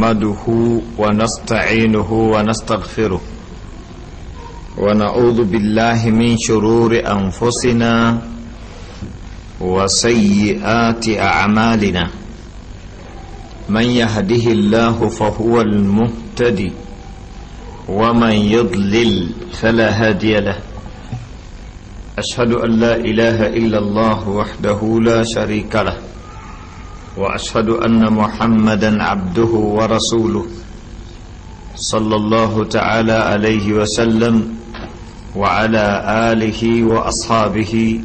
نحمده ونستعينه ونستغفره ونعوذ بالله من شرور أنفسنا وسيئات أعمالنا من يهده الله فهو المهتدي ومن يضلل فلا هادي له أشهد أن لا إله إلا الله وحده لا شريك له واشهد ان محمدا عبده ورسوله صلى الله تعالى عليه وسلم وعلى اله واصحابه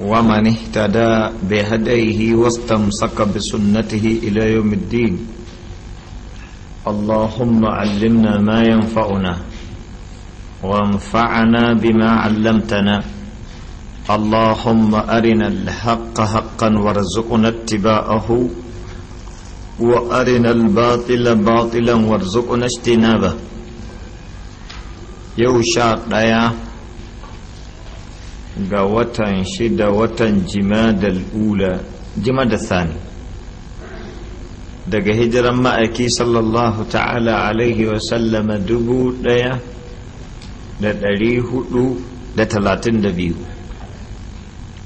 ومن اهتدى بهديه واستمسك بسنته الى يوم الدين اللهم علمنا ما ينفعنا وانفعنا بما علمتنا اللهم أرنا الحق حقا وارزقنا اتباعه وأرنا الباطل باطلا وارزقنا اجتنابه yau sha ɗaya ga watan shida watan jimadal ula sani daga hijiran ma'aiki sallallahu ta'ala alaihi wasallama dubu ɗaya da ɗari hudu da talatin da biyu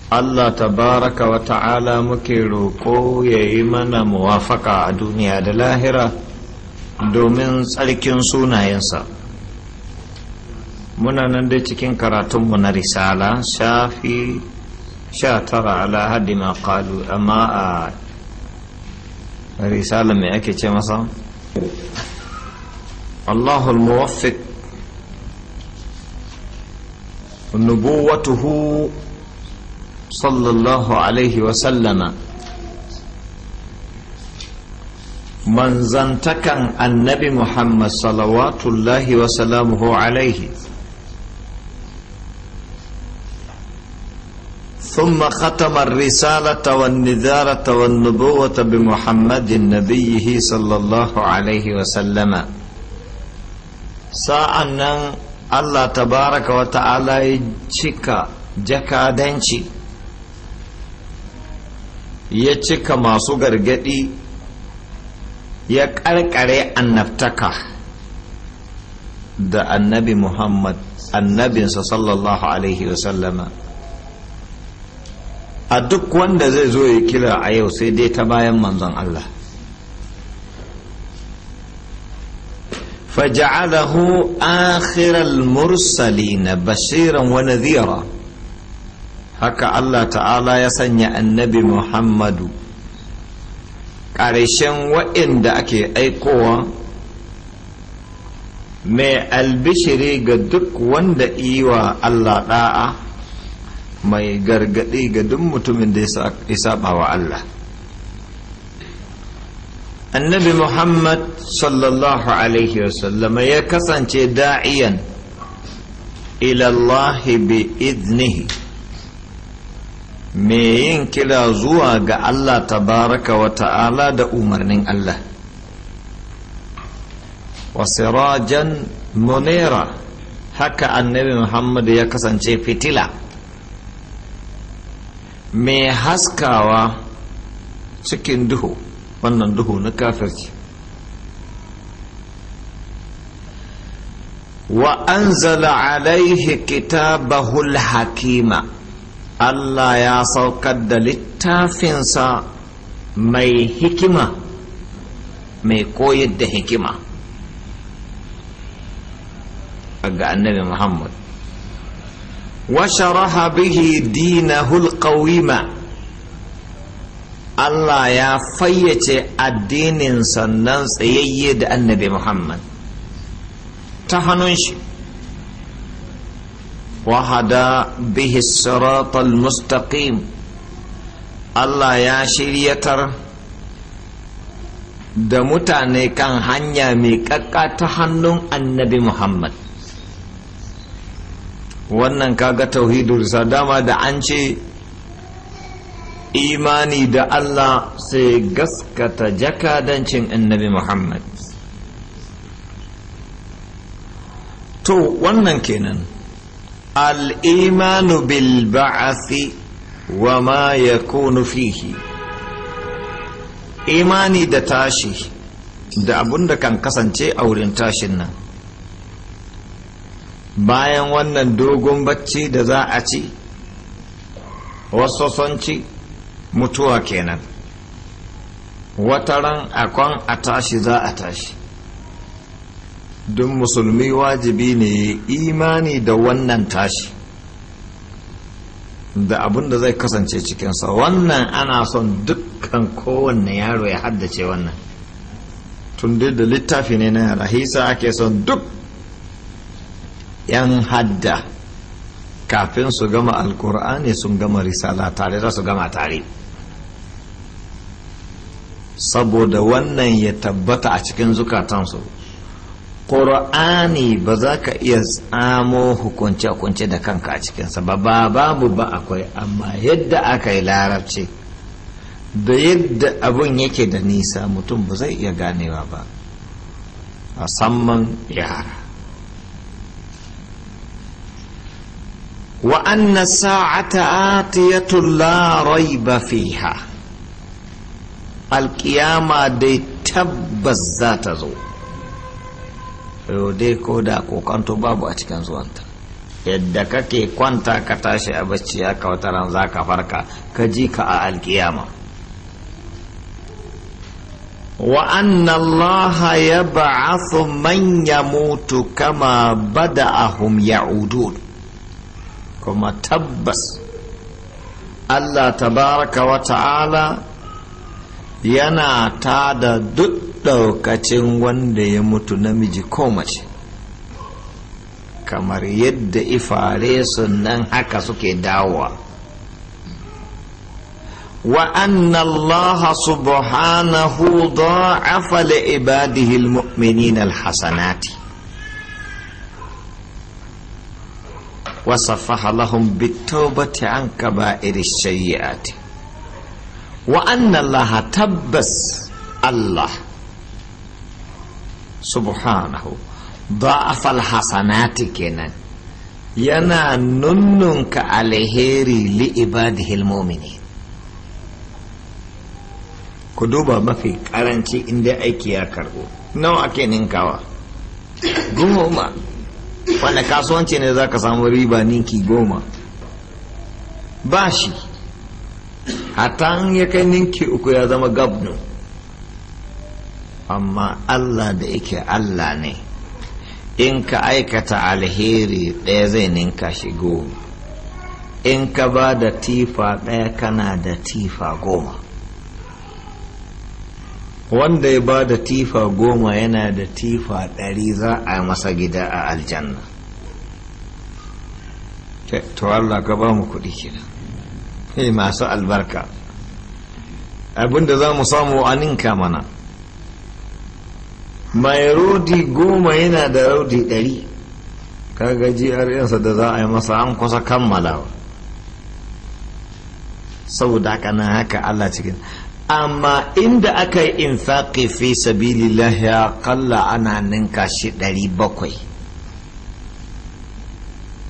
Allah tabaraka wa ta'ala muke roƙo ya yi mana muwafaka a duniya da lahira domin tsarkin sunayensa muna nan dai cikin karatunmu na risala shafi sha tara ala haddi ma amma a risala mai ake ce masa Allahul muwaffiq nubuwatuhu صلى الله عليه وسلم من زنتكن النبي محمد صلوات الله وسلامه عليه ثم ختم الرسالة والنذارة والنبوة بمحمد نبيه صلى الله عليه وسلم ساعة الله تبارك وتعالى جكا جكا دنشي ya cika masu gargadi ya karkare annabtaka da annabi muhammad annabinsa sallallahu alaihi wasallama a duk wanda zai zo ya kira a yau sai dai ta bayan manzon allah فجعله آخر المرسلين بشيرا ونذيرا haka Allah ta'ala ya sanya annabi Muhammadu ƙarshen waɗanda ake aikowa mai albishiri ga duk wanda iwa Allah ɗa'a mai gargaɗi ga duk mutumin da ya saba wa Allah annabi Muhammad sallallahu alaihi wasallama ya kasance da'iyan ilallahi bi idnihi me yin kira zuwa ga Allah tabaraka wa ta'ala da umarnin Allah wasirajan munira haka annabi Muhammad ya kasance fitila mai haskawa cikin duhu wannan duhu na kafirci wa anzala alaihi kitabahul hakima Allah ya saukar da littafinsa mai hikima mai koyar da hikima ga annabi Muhammad washaraha bihi dinahul qawima Allah ya fayyace addinin sannan tsayayye da annabi Muhammad ta hannun shi وهدى به الصراط المستقيم الله يا شريتر da mutane kan hanya mai kakka ta hannun annabi Muhammad wannan kaga tauhidul dama da an ce imani da Allah sai gaskata jakadancin annabi Muhammad to wannan kenan الإيمان بالبعث وما يكون فيه إيماني da tashi da abun da kan kasance a wurin tashin nan bayan wannan dogon bacci da za a ci wasu mutuwa kenan wataran akon a tashi za a tashi don musulmi wajibi ne imani da wannan tashi da abin da zai kasance cikinsa wannan ana son dukkan kowanne yaro ya haddace wannan tun da littafi ne na rahisa ake son duk yan hadda kafin su gama alkur'ani sun gama risala tare za su gama tare saboda wannan ya tabbata a cikin zukatansu ƙur'ani ba za ka iya tsamo hukunce-hukunce da kanka a cikinsa ba ba babu ba akwai amma yadda aka yi larabci da yadda abun yake da nisa mutum ba zai iya ganewa ba musamman yara وأن الساعة آتية لا ريب فيها القيامة دي تبز ذات zo. dai ko da kokanto babu a cikin zuwanta yadda kake kwanta ka tashi a bacci ya ka wata za ka farka ka ji ka a alkiyama wa anna Allah ya ba'athu man mutu kama ahum ya'udun kuma tabbas Allah tabaraka wa ta'ala yana ta da duk Daukacin wanda ya mutu namiji ko mace kamar yadda ifare sannan haka suke dawowa wa anna Allah subhanahu da'afa li ibadihi almu'minina alhasanati وصفح لهم بالتوبة عن كبائر Wa وأن الله tabbas Allah. subhanahu da'afal hasanati kenan yana nunnunka alheri li ibadihil mu'minin ku duba mafi karanci inda aiki ya karbo nawa ake ninkawa goma wanda kasuwanci ne za ka samu riba ninki goma ba shi hata ya kai ninki uku ya zama gabno amma Allah da yake Allah ne in ka aikata alheri ɗaya zai ninka shi goma in ka ba da tifa ɗaya kana da tifa goma wanda ya ba da tifa goma yana da tifa ɗari za a masa gida a aljanna to Allah ka ba mu kuɗi kenan masu albarka abinda za mu samu a ninka mana mai rodi goma yana da rudi ɗari kaga sa da za a yi masa an kusa kammalawa saboda haka nan haka Allah cikin amma inda aka yi infaqi fi sabilillah ya kalla ana ninka shi ɗari bakwai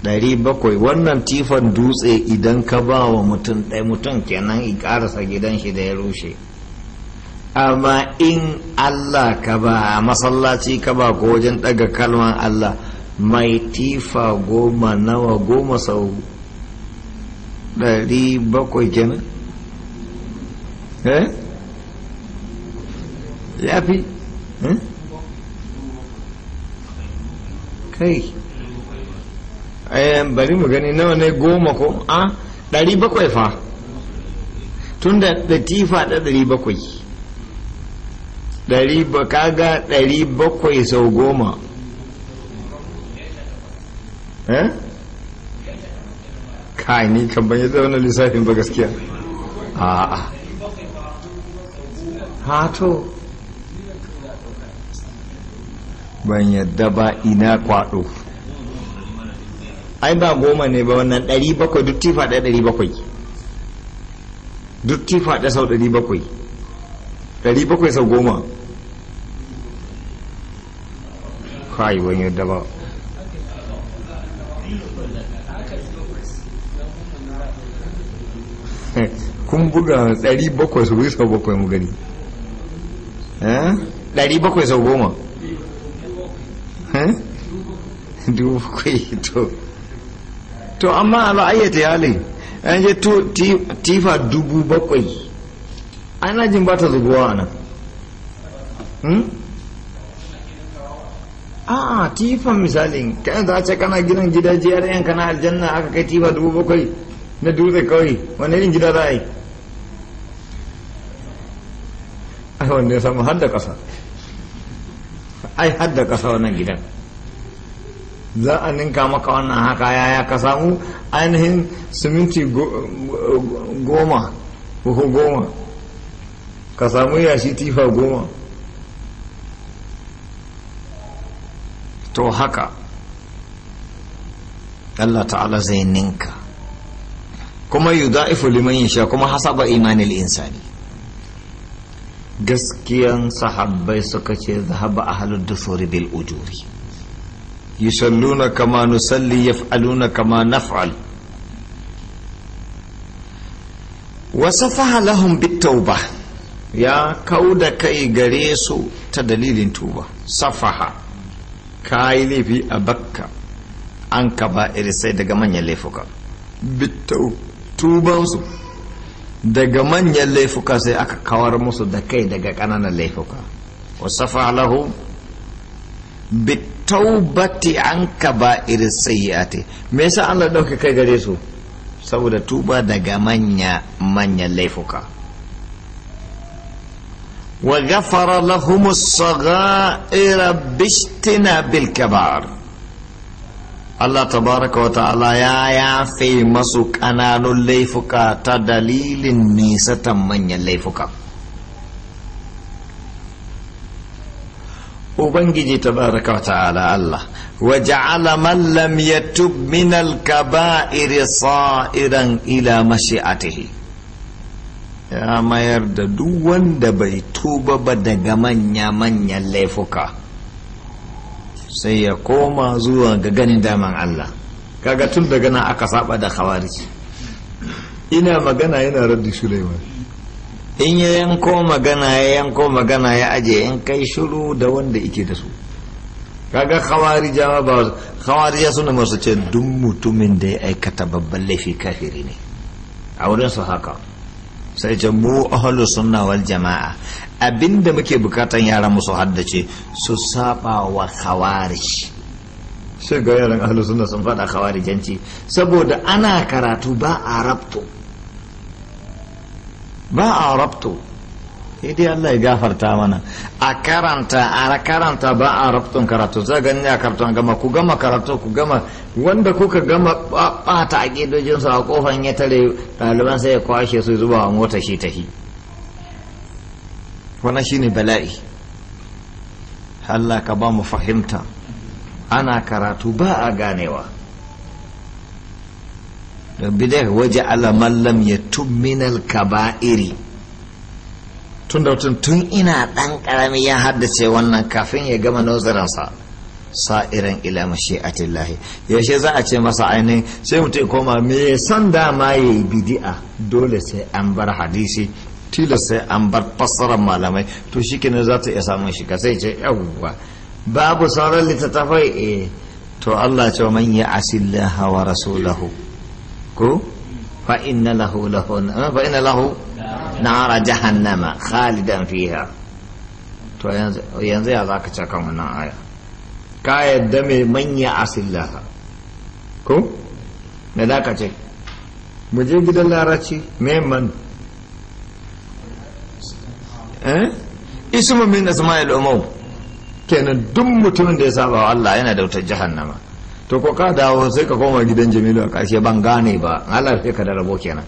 ɗari bakwai wannan tifan dutse idan ka ba wa mutum ɗaya mutum kenan i ƙarasa gidan shi da ya rushe amma in Allah ka ba masallaci ka ba ko wajen daga kalman Allah mai tifa goma nawa goma sau ɗari bakwai kenan eh ya fi eh? kai eh, bari mu gani nawa ne goma ko a ah, ɗari bakwai fa tun da tifa ɗari bakwai ɗari ba kaga ɗari bakwai sau goma eh kai ni kan ban da wani lissafin ba gaskiya a'a hato ban yadda ba ina kwaɗo ai ba goma ne ba wannan ɗari bakwai duk tifa ɗaya ɗari bakwai duk tifa ɗaya sau ɗari bakwai ɗari bakwai sau goma kai ban yadda ba kun buga 700 su bisa bakwai mu gani 700 sau goma dubu bakwai to to amma ala'ayyata halin an je tifa dubu bakwai ana jin ba ta zubuwa nan hmm? a'a tifan misalin kai za ce kana gidan gida jiyar yan kana aljanna aka kai tifa dubu bakwai na dutse kawai wani irin gida za a yi ai wanda ya samu har kasa ai har kasa wannan gidan za a ninka maka wannan haka yaya ka samu ainihin siminti goma ko goma ka samu yashi tifa goma to haka Allah ta'ala zai ninka kuma yuda'ifu liman sha kuma hasaba imanil insani gaskiyan sahabbai suka ce zahaba ahlud dusuri bil ujuri yusalluna kama nusalli yaf'aluna kama naf'al wasu lahum bitawbah ya kauda kai gare su ta dalilin tuba safaha ka yi laifi a bakka an ka ba sai daga manyan laifuka tubansu daga manyan laifuka sai aka kawar musu da kai daga ƙananan laifuka wasafa lahu bati an ka ba te me yasa Allah ɗauke kai gare su saboda tuba daga manya manyan laifuka وغفر لهم الصغائر باجتناب بالكبار الله تبارك وتعالى يا يا في مسك أنا ليفك تدليل النيسة من ليفك Ubangiji tabaraka wa ta'ala wa ja'ala man lam yatub min al-kaba'ir ila ya mayar da duk wanda bai tuba ba daga manya-manyan laifuka sai ya koma zuwa ga ganin daman Allah kaga tun daga nan aka saba da khawarij ina magana yana raddi Sulaiman in ya yanko magana ya yanko magana ya aje in kai shiru da wanda ike da su kaga khawarija ba khawarija suna masu ce duk mutumin da ya aikata babban laifi kafiri ne a wurin su haka sai ce mu ahlu sunna wal jama'a abinda muke bukatan yaran musu haddace su saba wa khawarij sai ga yaran ahlu sunna sun fada khawarijanci saboda ana karatu ba a rabto ba a rabto idai Allah ya gafarta mana a karanta a karanta ba a rabtun karatu za ganin ya karatu gama ku gama karatu ku gama wanda kuka gama bata a gidojin su a kofan ya tare ɗaliban sai ya kwashe su zuba a mota shi tahi wannan shine bala'i Allah ka ba mu fahimta ana karatu ba a ganewa bidai waje alamallam ya tumminal kaba'iri tun da mutum tun ina ɗan ƙarami ya haddace wannan kafin ya gama sa nazarinsa sa'irin ila mashi'atillahi yaushe za a ce masa ainihin sai mutum koma me san dama ya yi bidi'a dole sai an bar hadisi tilas sai an bar fassarar malamai to shi kenan za ta iya samun shiga sai ce yawwa babu sauran littattafai eh to Allah ce man ya asillaha wa rasulahu ko fa inna lahu lahu nara jahannama khalidan fiha to yanzu ya za ka kan wannan aya ka yadda mai manya asillaha ko me za ka ce mu je gidan larabci me man eh ismu min Isma'il umum kenan duk mutumin da ya saba wa Allah yana da wutar jahannama to ko ka dawo sai ka koma gidan Jamilu a ƙarshe ban gane ba Allah sai ka da rabo kenan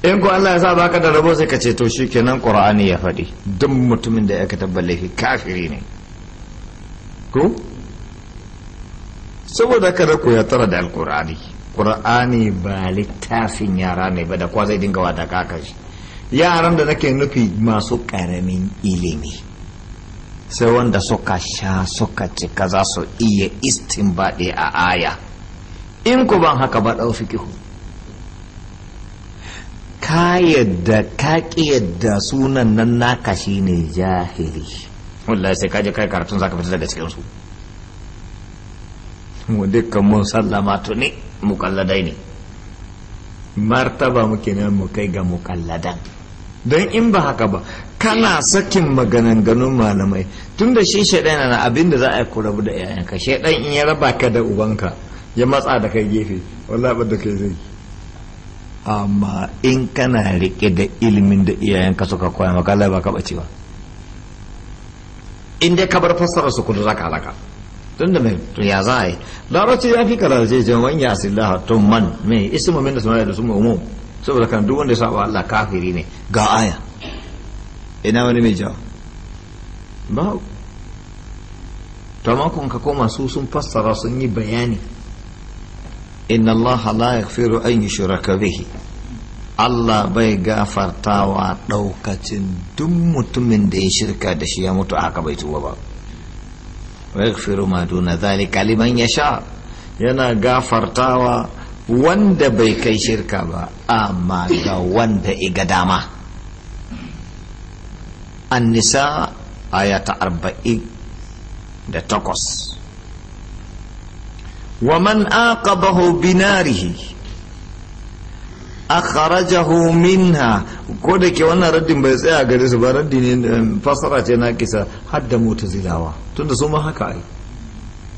in ku Allah ya sa baka da rabo sai ka ce to shikenan qur'ani ya faɗi duk mutumin da ya ka laifi kafiri ne ko saboda kada ku ya tara da alqur'ani qur'ani ba littafin yara ne ba da kwa zai dinga wata kaka shi yaran da nake nufi masu karamin ilimi sai wanda suka sha suka cika za su iya istinbadi a aya in ku ban haka ba ɗau fikihu ka yadda ka yadda sunan nan naka ne jahili wallahi sai ka je kai karatun zaka fita daga cikin su mu dukkan mun sallama to ne mukalladai ne martaba muke nan mu kai ga mukalladan don in ba haka ba kana sakin maganganun malamai tun da shi shaidan na abin da za a yi ku rabu da 'ya'yanka shaidan in ya raba ka da ubanka ya matsa da kai gefe wallahi da kai zai amma in kana rike da ilimin da iyayenka suka koya maka Allah ba ka bace ba in dai ka bar fassara su kudu zaka halaka tun da mai ya za a yi larabci ya fi kararce ce wani ya silaha tun man mai ismu min da suna da suna umu. saboda kan duk wanda ya saba Allah kafiri ne ga aya ina wani mai jawo ba to amma kun ka koma su sun fassara sun yi bayani inna Allah la yaghfiru an yushraka bihi Allah bai gafartawa daukacin duk mutumin da ya shirka da ya mutu haka bai tuba ba wa yaghfiru ma duna zalika liman yasha yana gafartawa wanda bai kai shirka ba amma ga wanda iga dama an nisa ayata arba'in da takwas ومن عاقبه بناره akharajahu minha ko da ke wannan raddin bai tsaya gare su ba raddin fasara ce na kisa mota da tun da su ma haka ai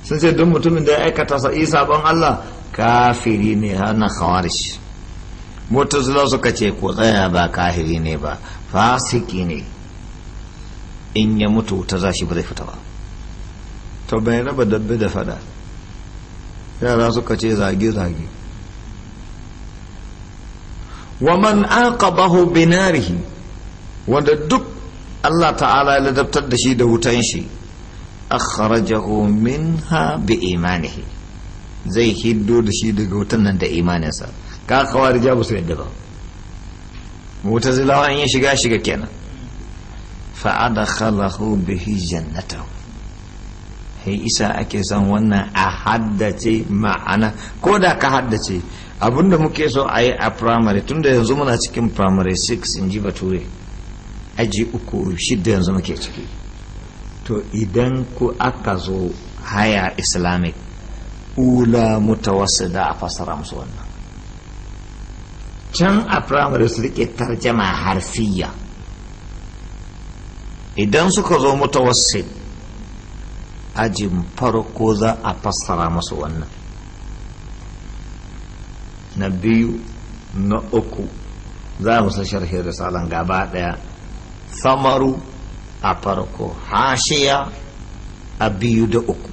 sun ce duk mutumin da ya aikata sa isa ban Allah kafiri ne hana mota mutazilawa suka ce ko tsaya ba kafiri ne ba fasiki ne in ya mutu ta zashi ba zai fita ba to bai raba dabbe da fada yara suka ce zage-zage waman aqabahu binarihi wanda duk Allah ta'ala ya ladabtar da shi da wutan shi akhrajahu minha bi imanihi zai hiddo da shi daga wutan nan da imaninsa ka kawar Jabu su yadda ba mutazilawa in ya shiga shiga kenan fa adakhalahu bihi jannatahu sai isa ake san wannan a haddace ma'ana ko da ka haddace abinda muke so a yi a primary tunda yanzu muna cikin primary 6 in ji bature aji uku shidda yanzu muke ciki to idan ku aka zo haya islamic ula da a fasara musu wannan can a primary su rike tarjama harfiya idan suka zo mutawassit ajin farko za a fassara masu wannan na biyu na uku za mu san da risalan gaba daya samaru a farko hashiya a biyu da uku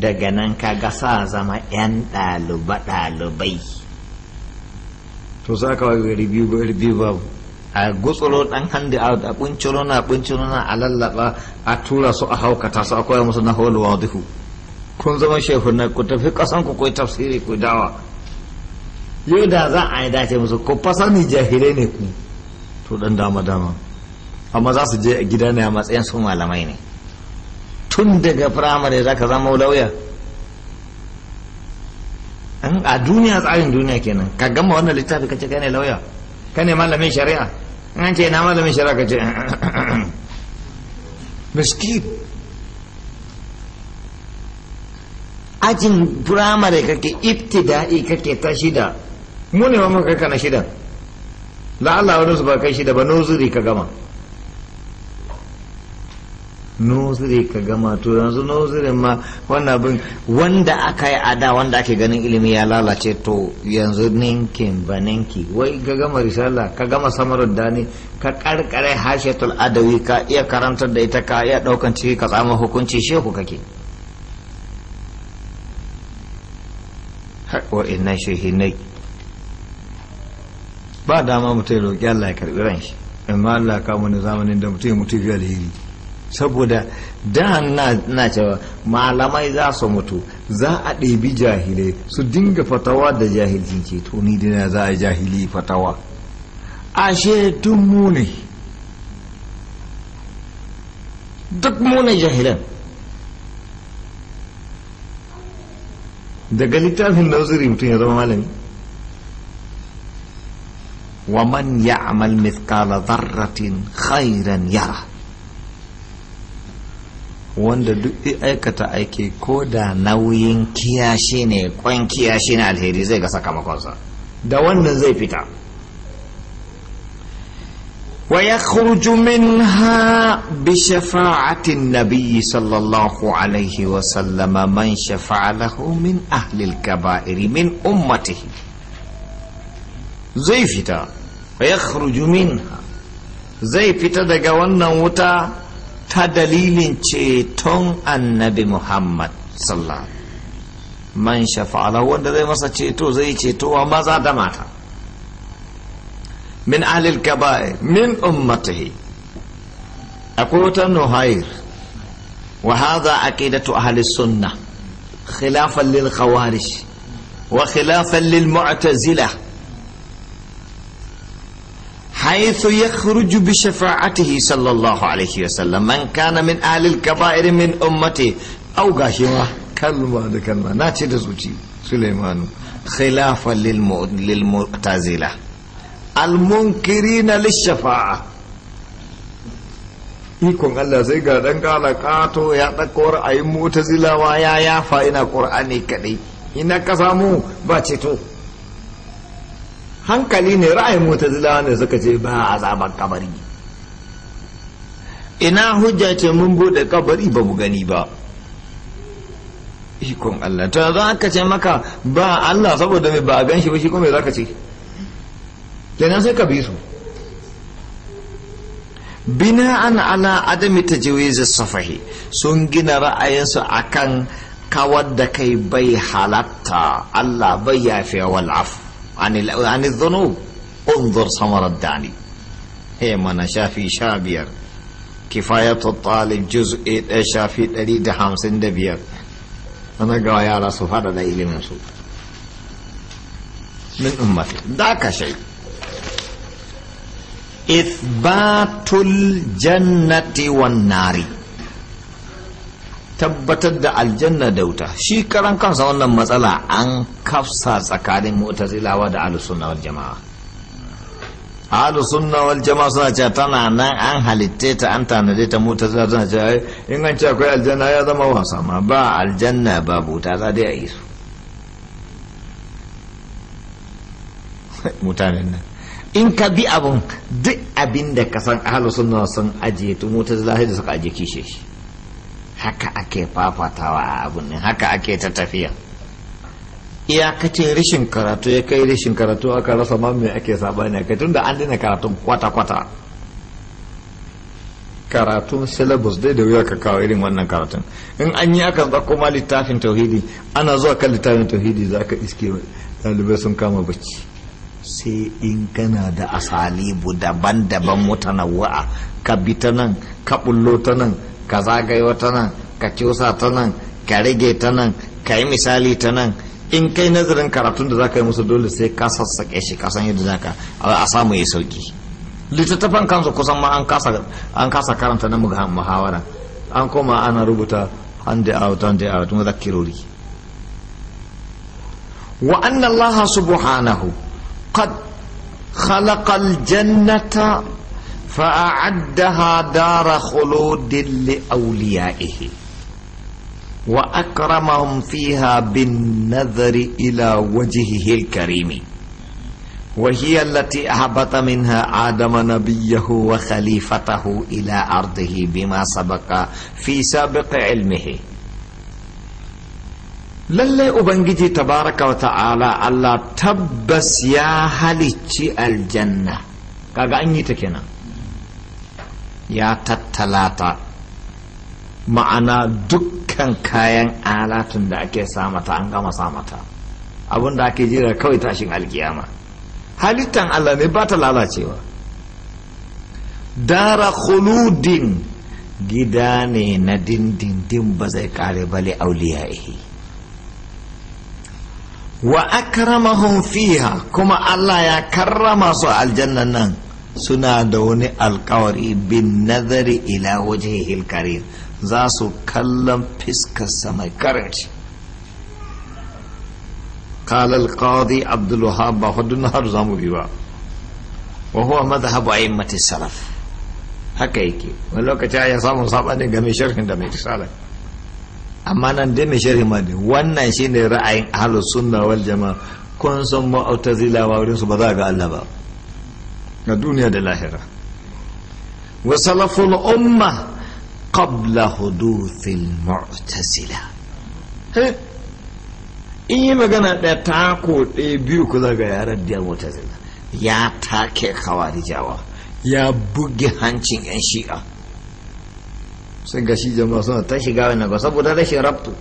daga nan kaga sa zama 'yan ɗaliba-ɗalibai to za ka biyu babu a gutsuro dan hande a kunciro na kunciro a lallaba a tura su a haukata su a koya musu na hawal duhu kun zama shehu na ku tafi kasan ku koyi tafsiri ku dawa yau da za a yi dace musu ko ni jahilai ne ku to dan dama dama amma za su je a gida ne a matsayin su malamai ne tun daga firamare za ka zama lauya a duniya tsarin duniya kenan ka gama wannan littafi kace kai ne lauya ka ne malamin shari'a an ce na malamin shari'a ka ce miskin ajin firamare kake ibtida'i kake ta shida mu ne ma kana shida la'alla wani su ba kai shida ba nozuri ka gama nozire ka gama to yanzu nozirin ma wannan abin wanda aka yi ada wanda ake ganin ilimi ya lalace to yanzu ninkin ba ninki wai ka gama risala ka gama samarar dani ka karkare hashetul adawi ka iya karantar da ita ka iya daukan ciki ka tsama hukunci shehu kake wa inna ba dama mutum ya roƙi Allah ya karɓi ran shi amma Allah ya kawo zamanin da mutum ya mutu fiye saboda da na cewa malamai za su mutu za a ɗebi jahile su dinga fatawa da jahilcin ce to ni dina za a jahili fatawa ashe tun muni duk muni jahilan daga littafin naziri mutum ya zama malami wa man ya'mal mithqala dharratin khairan yara wanda duk aikata aiki ko da nauyin kiyashi ne kwan kiyashi na alheri zai ga sakamakonsa da wannan zai fita wa ya min ha bi shafa'atin nabiyyi sallallahu alaihi wa sallama man shafa'a lahu min ahlil kaba'iri min ummatihi zai fita wa ya min ha zai fita daga wannan wuta ta dalilin ceton annabi muhammad sallallahu man shafa'ala wanda zai masa ceto zai cetowa maza da mata min alil kaba'i min ummatihi akwai wata nuhair wa haza aqidatu ahli sunna khilafan lil khawarij wa khilafan lil mu'tazila حيث يخرج بشفاعته صلى الله عليه وسلم من كان من أهل الكبائر من أمتي أو قاشمة كلمة كلمة ناتي دزوتي سليمان خلافا للمعتزلة المنكرين للشفاعة ikon Allah sai ga dan kala kato ya ɗauko ra'ayin mutazilawa ya yafa ina ƙur'ani kaɗai ina ka samu ba ceto hankali ne ra'ayin mutazila ne suka ce ba azaban kabari ina hujja ce mun bude kabari ba mu gani ba ikon Allah ta za ka ce maka ba Allah saboda mai ba a gan shi ba shi kuma za ka ce kenan sai ka bi su bina an ala adami ta safahi sun gina ra'ayinsu akan kawar da kai bai halatta Allah bai yafe wal afu عن عن الذنوب انظر ثمر الداني هي من شافي شابير كفاية الطالب جزء شافي دريد حامسين دبير أنا قوى يا رسول هذا إلي من سوء من أمتي ذاك شيء إثبات الجنة والنار tabbatar da aljanna da wuta shi karan kansa wannan matsala an kafsa tsakanin mu'tazilawa da ahlus wal jama'a ahlus sunna wal jama'a suna cewa tana nan an halitta ta an tanade ta mu'tazila suna cewa in an ce akwai aljanna ya zama wasa ma ba aljanna ba wuta za dai a yi su mutanen nan in ka bi abun duk abin da ka san ahlus sunna sun ajiye to mu'tazila sai da suka ajiye kishe shi haka ake fafatawa a abin nan haka ake ta tafiya iyakacin rashin karatu ya kai rashin karatu aka rasa ma me ake sabani kai tunda an daina karatun kwata-kwata karatun syllabus dai da wuya ka kawo irin wannan karatun in an yi aka zako ma littafin tauhidi ana zuwa kan littafin tauhidi za ka iske ɗalibai sun kama bacci sai in kana da asalibu daban-daban wa'a ka bi ta nan ka bullo ta nan ka zagayo ta nan ka cusa ta nan ka rage ta nan ka yi misali ta nan in kai nazarin karatun da za ka yi musu dole sai ka sassaƙe shi kasan yadda za ka a samu ya sauki littattafan kansu kusan ma an kasa karanta na muhawara an koma ana rubuta hande out hand out mudhakkirori wa anna subhanahu qad khalaqa jannata فأعدها دار خلود لأوليائه وأكرمهم فيها بالنظر إلى وجهه الكريم وهي التي أهبط منها آدم نبيه وخليفته إلى أرضه بما سبق في سابق علمه للا أبنجي تبارك وتعالى الله تبس يا ya الجنة aljanna أني an ya tattalata ma'ana dukkan kayan alatun da ake samata an gama samata abin ake jira kawai tashin alkiyama halittan Allah ne ba ta lalacewa dara khuludin gida ne na dindindin ba zai kare bale auliya'ihi wa akramahum fiha kuma Allah ya karrama su aljannan nan suna da wani alkawari bin nazari ila wajhihil karim za su kallon fiskarsa mai karanci قال القاضي عبد الوهاب بحد النهار زامو بيوا وهو مذهب أئمة السلف haka yake wani lokaci ya samun saɓani ga mai sharhin da mai risala amma nan dai mai sharhin ma ne wannan shine ra'ayin ahlus sunna wal jama'a kun san mu'tazilawa wurin su ba za ga Allah ba na duniya da lahira wa salaful umma qabla huduthil mu'tasila in yi magana ɗaya tako ɗaya biyu ku zaga yaran diyar mu'tasila ya take kawarijawa ya buge hancin yan shi'a sai ga shi jama'a suna ta shiga wannan ba saboda rashin rabtu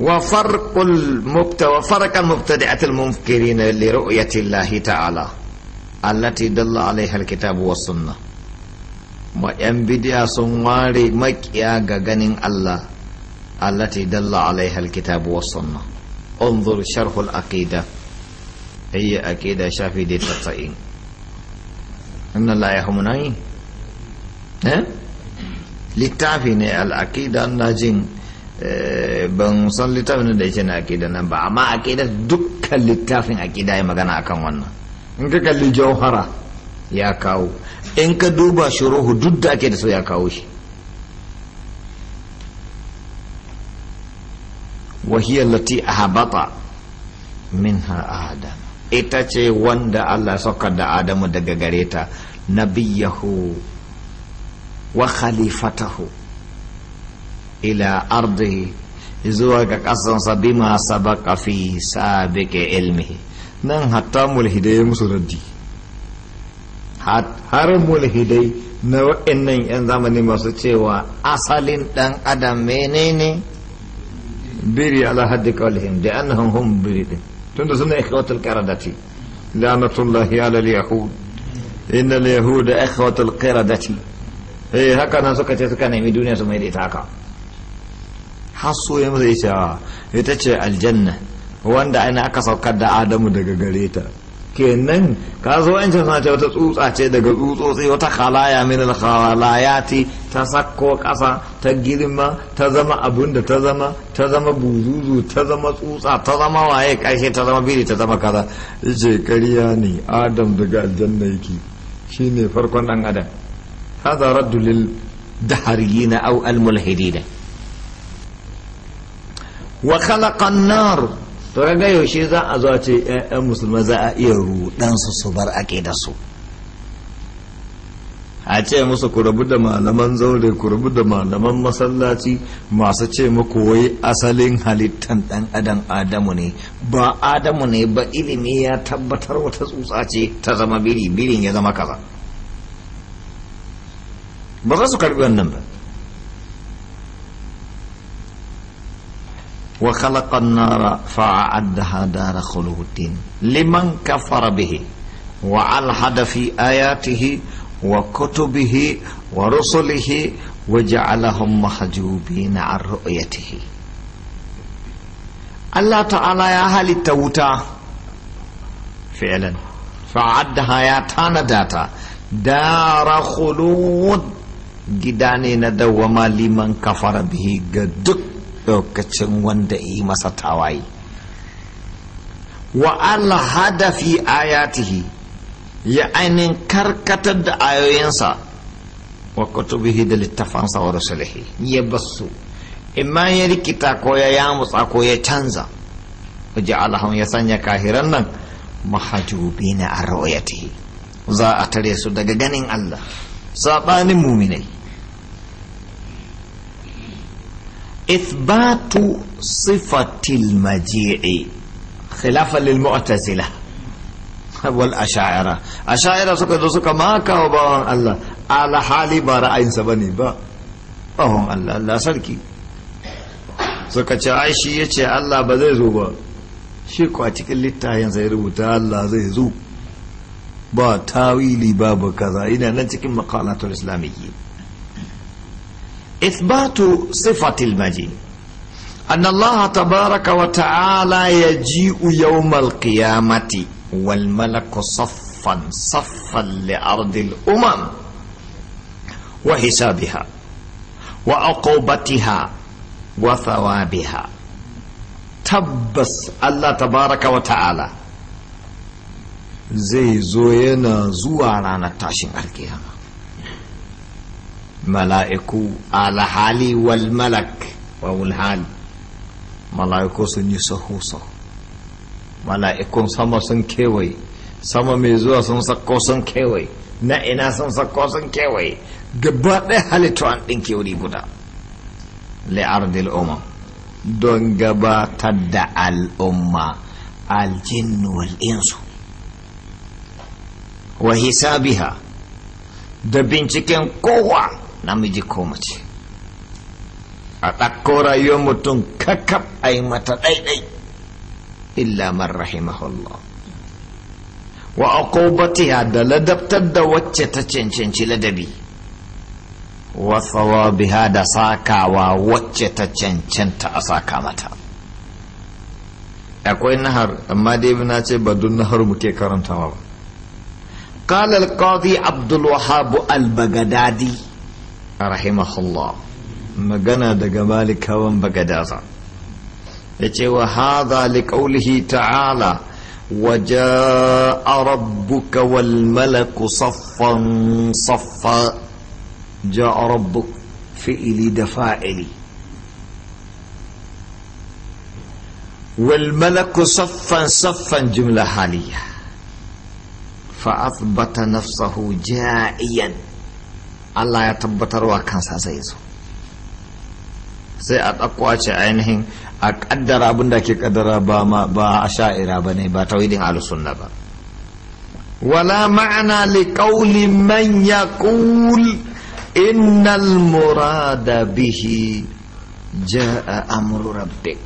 وفرق المبت وفرق المبتدعة المنكرين لرؤية الله تعالى allati dalla alaiha alkitabu wa sunna ma yan bidiya sun ware makiya ga ganin Allah allati dalla alaiha alkitabu wa sunna انظر شرح aqida أي عقيدة shafi دي تطعين إن الله يهمنا ها littafi ne al'aƙida na jin eh, ban san littafin da yake na aƙida nan ba amma aƙida dukkan littafin aƙida ya magana akan wannan in ka kalli jauhara ya kawo in ka duba shuruhu duk da ake da so ya kawo shi wahiyar lati ahabata minha adam ita ce wanda allah saukar da adamu daga gare ta nabiyahu wa khalifatahu ila ardi zuwa ga ƙasansa sabima sabaka fi sabiƙe ilmihi nan hatta mulhidai musu raddi har mulhidai na waɗannan 'yan zamani masu cewa asalin dan adam menene biri ala haddi kawalihim da an hum biri ɗin tunda suna ikhwatul qaradati lanatullahi ala yahud inna al yahud ikhwatul qaradati eh haka nan suka ce suka nemi duniya su mai da ita haka har so ya masa ah, ita ce aljanna wanda aina aka saukar da adamu daga gare ta kenan ka zo an ce ce wata tsutsa ce daga tsutsotsi wata khalaya min alkhalayati ta sakko kasa ta girma ta zama abun da ta zama ta zama buzuzu ta zama tsutsa ta zama waye karshe ta zama biri ta zama kaza yace kariya ne adam daga aljanna yake shine farkon dan adam hadha raddu lil dahariyina aw al mulhidina wa khalaqa nar sauran ga yaushe za a zuwa ce 'yan musulmai za a iya rudansu su su bar ake da su a ce musu ku rabu da malaman zaure ku rabu da malaman masallaci masu ce muku wai asalin halittan dan adam adamu ne ba adamu ne ba ilimi ya tabbatar wata tsutsa ce ta zama biri birin ya zama kaza ba za su karbi wannan ba وخلق النار فأعدها دار خلود لمن كفر به وألحد في آياته وكتبه ورسله وجعلهم محجوبين عن رؤيته الله تعالى يا أهل التوتا فعلا فعدها يا داتا دار خلود جداني ندوما لمن كفر به قدك ɗaukacin wanda yi masa tawaye wa alhada fi ayatihi ya ainihin karkatar da ayoyinsa wa kutubihi da littafan wa rasulihi ya basu imma ya rikita ko ya yamutsa ko ya canza waje alham ya sanya kahiran nan mahajubi na a za a tare su daga ganin allah saɓanin muminai إثبات صفة المجيء خلافا للمعتزلة والأشاعرة أشاعرة سكا سكا ما كاو باون الله على حالي بارا أين سبني با باون الله الله سركي suka ce ai shi ya ce Allah ba zai zo ba shi ko a cikin littayen ya rubuta Allah zai zo ba tawili babu kaza ina nan cikin makalatul islamiyyi إثبات صفة المجيء أن الله تبارك وتعالى يجيء يوم القيامة والملك صفا صفا لأرض الأمم وحسابها وعقوبتها وثوابها تبس الله تبارك وتعالى زي زوينا زوارانا تاشن القيامة mala'iku alhali wal malak wa wulhal mala'iku sun yi sahusa mala'ikun sama sun kewaye sama mai zuwa sun sakko sun kewaye na ina sun sakko sun kewaye gaba ɗaya halittu an ɗinke wuri guda li'ardil umma don gabatar da al'umma aljinnu wal insu wa hisabiha da binciken kowa namiji ko mace a ɗakko rayuwar mutum kakaf a yi mata ɗaiɗai illa man rahimahullah wa aqubatiha da ladabtar da wacce ta cancanci ladabi wa thawabiha da sakawa wacce ta cancanta a saka mata akwai nahar amma dai na ce ba dun nahar muke karantawa ba قال القاضي عبد الوهاب البغدادي رحمه الله مجانا دجمال كون بجدازا يتي وهذا لقوله تعالى وجاء ربك والملك صفا صفا جاء ربك في فئلي دفاعلي والملك صفا صفا جمله حاليه فاثبت نفسه جائيا Allah ya tabbatarwa kansa zai zo sai a ce ainihin a ƙaddara abin da ke ƙaddara ba a sha'ira ba ne ba tawhidin alusunna ba wala ma'ana li qawli man yaqul innal murada bihi ja'a amru rabbik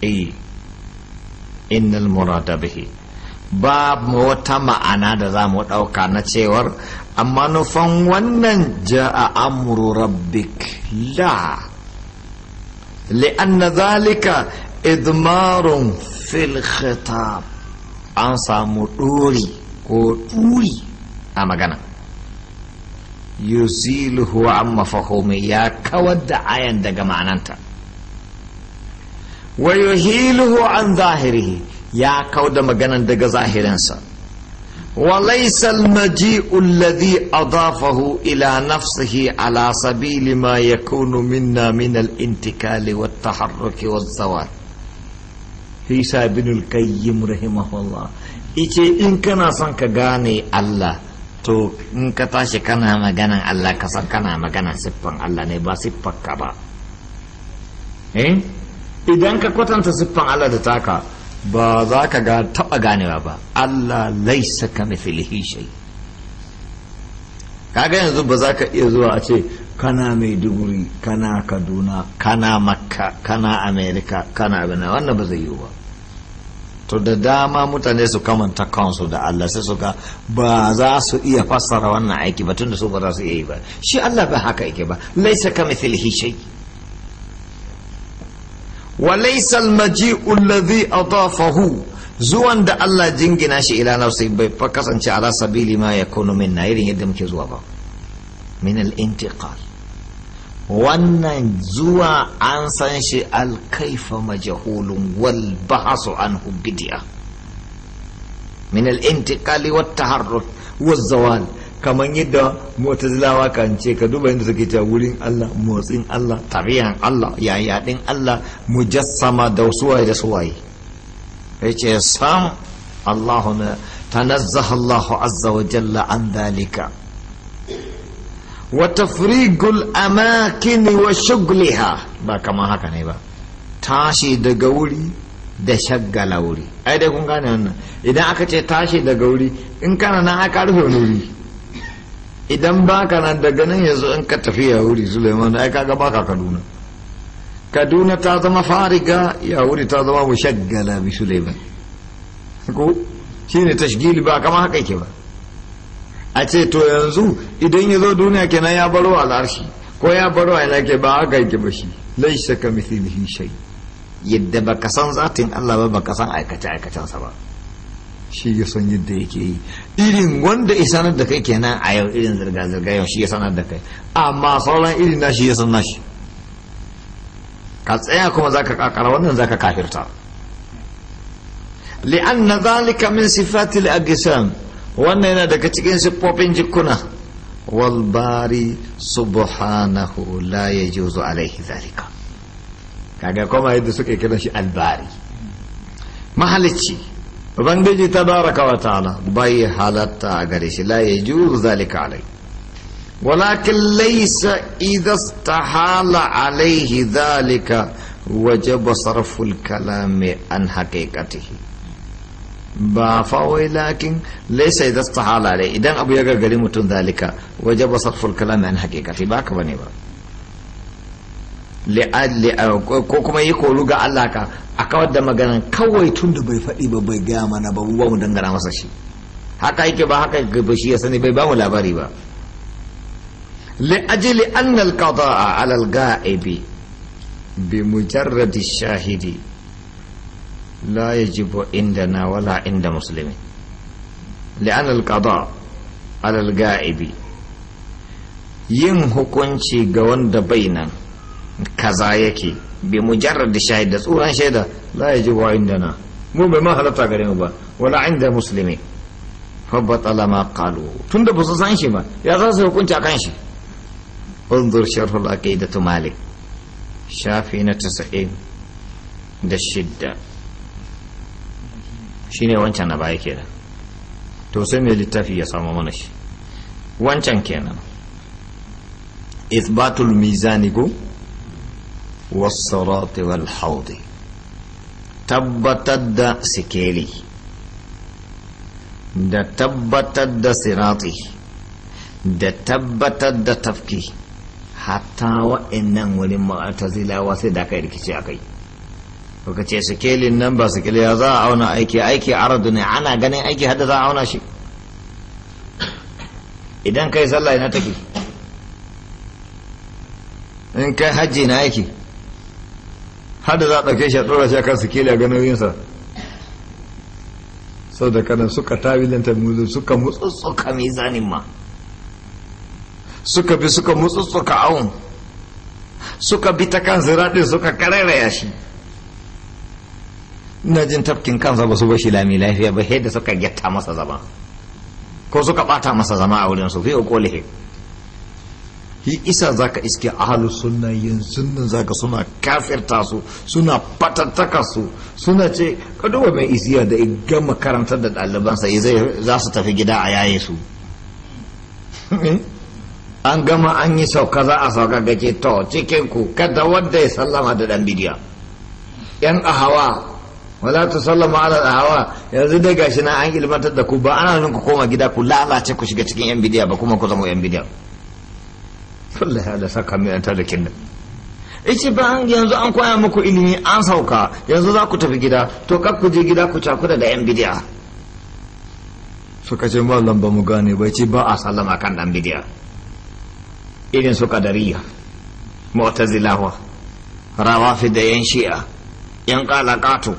eh innal murada bihi ba wata ma'ana da za mu ɗauka na cewar a manufan wannan a amuru rabbik la li'anna zalika idmarun fil khitab an samu ɗori ko ɗuri a magana yuziluhu an mafahomi ya kawar da ayan daga ma'ananta wa yuhiluhu an zahirihi ya kawar da maganan daga zahirinsa وليس المجيء الذي أضافه إلى نفسه على سبيل ما يكون منا من الانتكال والتحرك والزوال عيسى بن القيم رحمه الله ice in kana son ka gane Allah to in tashi kana maganan Allah ka san kana maganan siffan Allah ne ba siffan ka ba idan ka kwatanta siffan Allah da taka ba za ka ga taɓa ganewa ba Allah laisa ka mithlihi shai kaga yanzu ba za ka iya zuwa a ce kana maiduguri kana kaduna kana makka kana amerika kana abin wannan ba zai yi ba to da dama mutane su kamanta kansu da Allah sai su ga ba za su iya fassara wannan aiki ba da su ba za su iya yi ba shi Allah ba haka yake ba laisa ka mithlihi shai wa laysa al-maji'u alladhi adafahu zuwan da Allah jingina shi ila sai bai fa kasance ala sabili ma yakunu na irin yadda muke zuwa ba min al-intiqal wannan zuwa an san shi alkaifa majahulun wal bahasu anhu bid'a min al-intiqali wat taharruk waz zawal kamar yadda mu'tazilawa kan ce ka duba yadda suke cewa wurin Allah motsin Allah tarihin Allah yayadin Allah mujassama da suwaye da suwaye yace sam Allahuna tanazzaha Allah azza wa jalla an dalika wa tafrigul amakin wa shughliha ba kamar haka ne ba tashi daga wuri da shaggala wuri ai dai kun gane wannan idan aka ce tashi daga wuri in kana nan aka rufe wuri idan baka nan daga nan yanzu in ka tafi ya wuri suleiman ai kaga baka kaduna kaduna ta zama fariga ya wuri ta zama mushaggala bi suleiman ko shine tashgili ba kama haka ke ba a ce to yanzu idan ya zo duniya kenan ya baro al'arshi ko ya baro ina ke ba haka yake ba shi laisa kamithlihi shai yadda baka san zatin Allah ba baka san aikace aikacensa ba shi ya san yadda yake yi irin wanda ya sanar da kai kenan a yau irin zirga-zirga yau shi ya sanar da kai amma sauran irin na shi ya san nashi ka tsaya kuma za ka kakara wannan za ka kafirta li'an na zalika min sifatil agisam wannan yana daga cikin siffofin jikuna walbari subhanahu la ya juzu alaihi zalika kaga kuma yadda suke kiran shi albari mahalicci ربنجي تبارك وتعالى بي حالتا غريش لا يجوز ذلك عليه ولكن ليس إذا استحال عليه ذلك وجب صرف الكلام عن حقيقته با فاوي لكن ليس إذا استحال عليه إذا أبو يقر قريمة ذلك وجب صرف الكلام عن حقيقته باك بني بقى. ko kuma yi koru ga Allah ka a kawar da maganan kawai tun da bai faɗi ba bai gaya mana ba ba mu dangana masa shi haka yake ba haka ba shi ya sani bai ba mu labari ba لأجل أن القضاء على الغائب بمجرد الشاهد لا يجب عندنا ولا عند مسلمين لأن القضاء alal الغائب yin hukunci ga wanda bai nan kaza yake bi mujarrad shahid da tsoron shaida la yajibu indana mu bai ma halatta gare mu ba wala inda muslimin فبطل ما قالوا تند بصصان شما يا غاز وكنت أكنش انظر aqidatu malik shafi na 90 da shidda shine wancan na baya kenan to sai mai littafi ya samu mana shi wancan kenan isbatul mizani ko والصراط والحوض tabbatar da sikeli da tabbatar da sirati da tabbatar da tafki hatta wa'annan wurin ma'atazilawa sai da aka rikice a kai kuka ce sikelin nan ba sikeli ya za a auna aiki aiki aradu ne ana ganin aiki hada za a auna shi idan kai sallah na take in kai hajji na aiki har da za a ɗauke shi a ɗora shi a kan sikeli a nauyinsa sau da kanan suka tawilanta muzu suka mutsutsuka mizanin ma suka bi suka mutsutsuka awon suka bi ta kan ziraɗin suka ya shi na jin tafkin kansa ba su bashi lami lafiya ba da suka gyatta masa zama ko suka ɓata masa zama a wurin su fi ukolihi yi isa ka iske ahalu yin sunan za zaka suna kafirta su suna fatattaka su suna ce kaduwa mai isiya da gama karantar da ɗalibansa za su tafi gida a yaye su hmm? an gama an yi sauka za a sauka gace to cikin ku kada wanda ya sallama da dan bidiya yan ahawa wala ta sallama ala ahawa yanzu dai gashi na an ilmantar da ku ba ana nuna ku koma gida ku lalace ku shiga cikin yan bidiya ba kuma ku zama yan bidiya ya dasa saka mai da tada kinnan ice ba yanzu an koya muku ilimi an sauka yanzu za ku tafi gida to kar ku je gida ku cakuda da yan bidiya suka ce mallam ba mu gane bai ce ba a sallama kan dan bidiya irin su kadariya mu'tazilawa rawafi da yan shi'a yan qalaqatu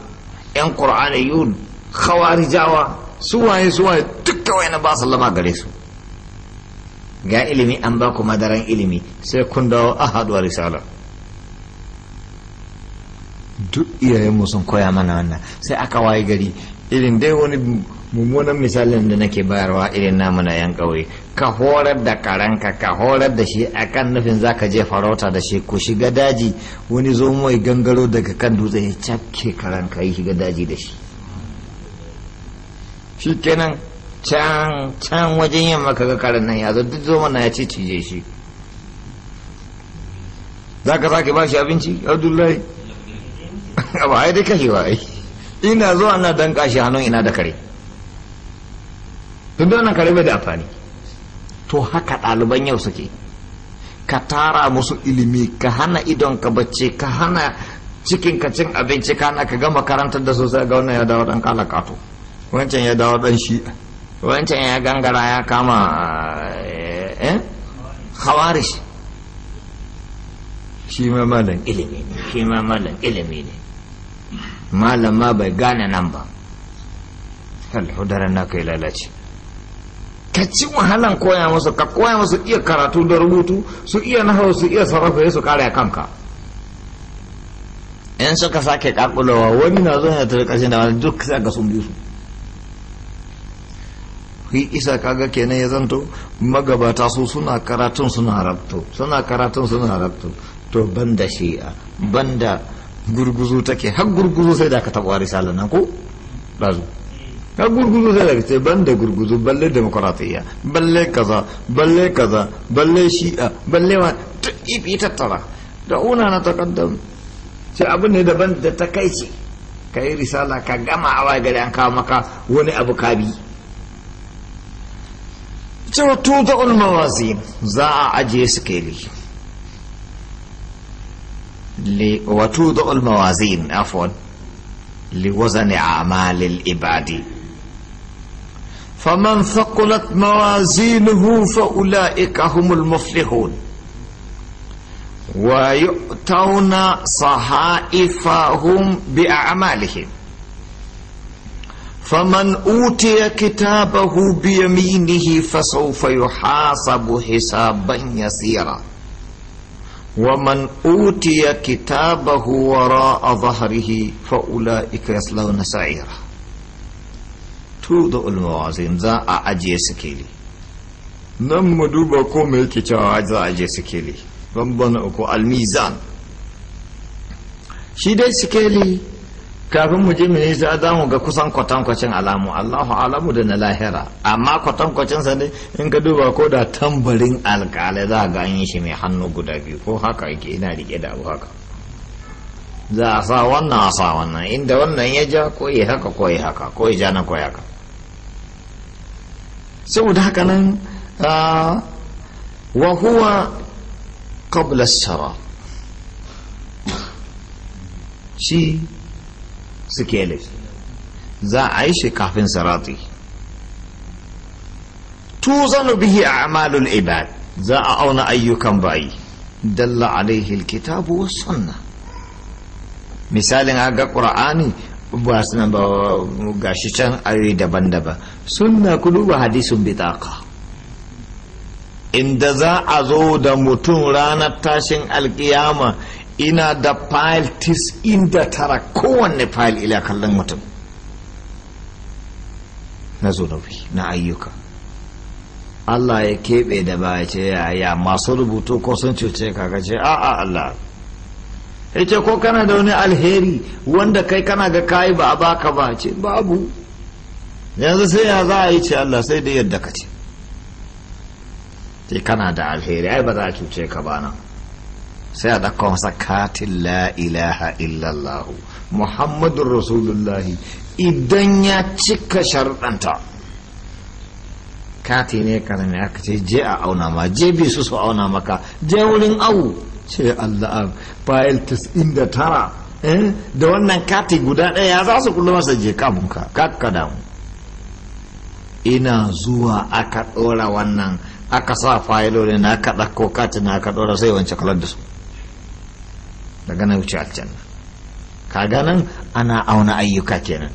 yan qur'aniyun khawarijawa suwaye suwaye duk kawai na ba sallama gare su ga ilimi an ba ku madaran ilimi sai kun dawo a haɗuwa risala duk iyayenmu sun koya mana wannan sai aka waye gari irin dai wani mummunan misalin da nake bayarwa irin namu na yan ƙauye ka horar da karanka ka horar da shi akan nufin za ka je farauta da shi ku shiga daji wani zo mai gangaro daga kan dutse ya cakke karanka yi shiga daji da shi shikenan can can wajen yamma kaga karin nan ya zo duk zo mana ya ce cije shi za ka sake ba shi abinci abdullahi ba ai dai shi ai ina zo ana dan kashi hannun ina da kare tun da wannan kare bai da amfani to haka ɗaliban yau suke ka tara musu ilimi ka hana idon ka bacci ka hana cikin ka cin abinci hana ka gama karantar da sosai ga wannan ya dawo dan kalakato wancan ya dawo dan shi'a wancan ya gangara ya kama eh, eh, hawarish shi ma malam ilimi ne shi ma malam ilimi ne malam ma bai gane nan ba alhudarar na kai lalace ka ci wahalan koya musu ka koya musu iya karatu da rubutu su iya nahau su iya sarrafa su kare kanka in suka sake kakulawa wani na zo ya tarikashin da da duk sai ga sun biyu su yi isa kaga kenan ya zanto magabata su suna karatun suna rabto suna karatun suna rabto to banda shi'a banda gurguzu take har gurguzu sai da ka taɓa risala nan ko ɗazu har gurguzu sai da ka ce banda gurguzu balle demokaratiyya balle kaza balle kaza balle shi'a balle wa ta ibi tattara da una na takaddam ce abin ne daban da ta ce ka yi risala ka gama awa gari an kawo maka wani abu kabi cewa توضع الموازين za a كيلي sikeli وتوضع الموازين عفوا لوزن أعمال العباد فمن ثقلت موازينه فأولئك هم المفلحون ويؤتون صحائفهم بأعمالهم فمن أوتي كتابه بيمينه فسوف يحاسب حسابا يسيرا ومن أوتي كتابه وراء ظهره فأولئك يصلون سعيرا تود الموازين ذا أجي سكيلي نم مدوبة كومي كتاب ذا أجي سكيلي ربنا أكو الميزان شيدي سكيلي kafin mu je mu za mu ga kusan kwatankwacin alamu allahu alamu da na lahira amma kwatankwacin sa ne in ka duba ko da tambarin alkalai za ga an shi mai hannu guda biyu ko haka yake ina rike da abu haka za a sa wannan a sa wannan inda wannan ya ja ko ya haka ko ya haka ko ya ja ko ya saboda haka nan wa huwa qabla shi sikeli za a yi shi kafin sarati tuzanu bihi a'malul ibad za a auna ayyukan bayi dalla alaihi alkitabu was sunna misalin ga qur'ani ba su ba gashi can ayoyi daban-daban sunna ku ba hadisun bitaka inda za a zo da mutum ranar tashin alkiyama ina da fayil da tara kowanne fayil ila kallon mutum na zunubi na ayyuka Allah ya keɓe da ba ya ce masu rubutu ko sun cuce kaga ce a Allah ce ko kana da wani alheri wanda kai kana ga kayi ba a baka ba ce babu yanzu sai ya za a yi ce Allah sai da yadda ka ce kana da alheri ai ba za a cuce ka ba nan sai a ɗauka masa katin la ilaha illallah muhammadun rasulullahi idan ya cika sharɗanta kati ne karami aka ce je a auna ma je bi su su auna maka je wurin awu ce allah fayil tis'in da tara eh? da wannan kati guda ɗaya za su kula masa je kabunka kakka damu ina zuwa aka ɗora wannan aka sa ne na aka ɗauko katin na aka ɗora sai wancan kalar da su daga na wuce aljanna kaga nan ana auna ayyuka kenan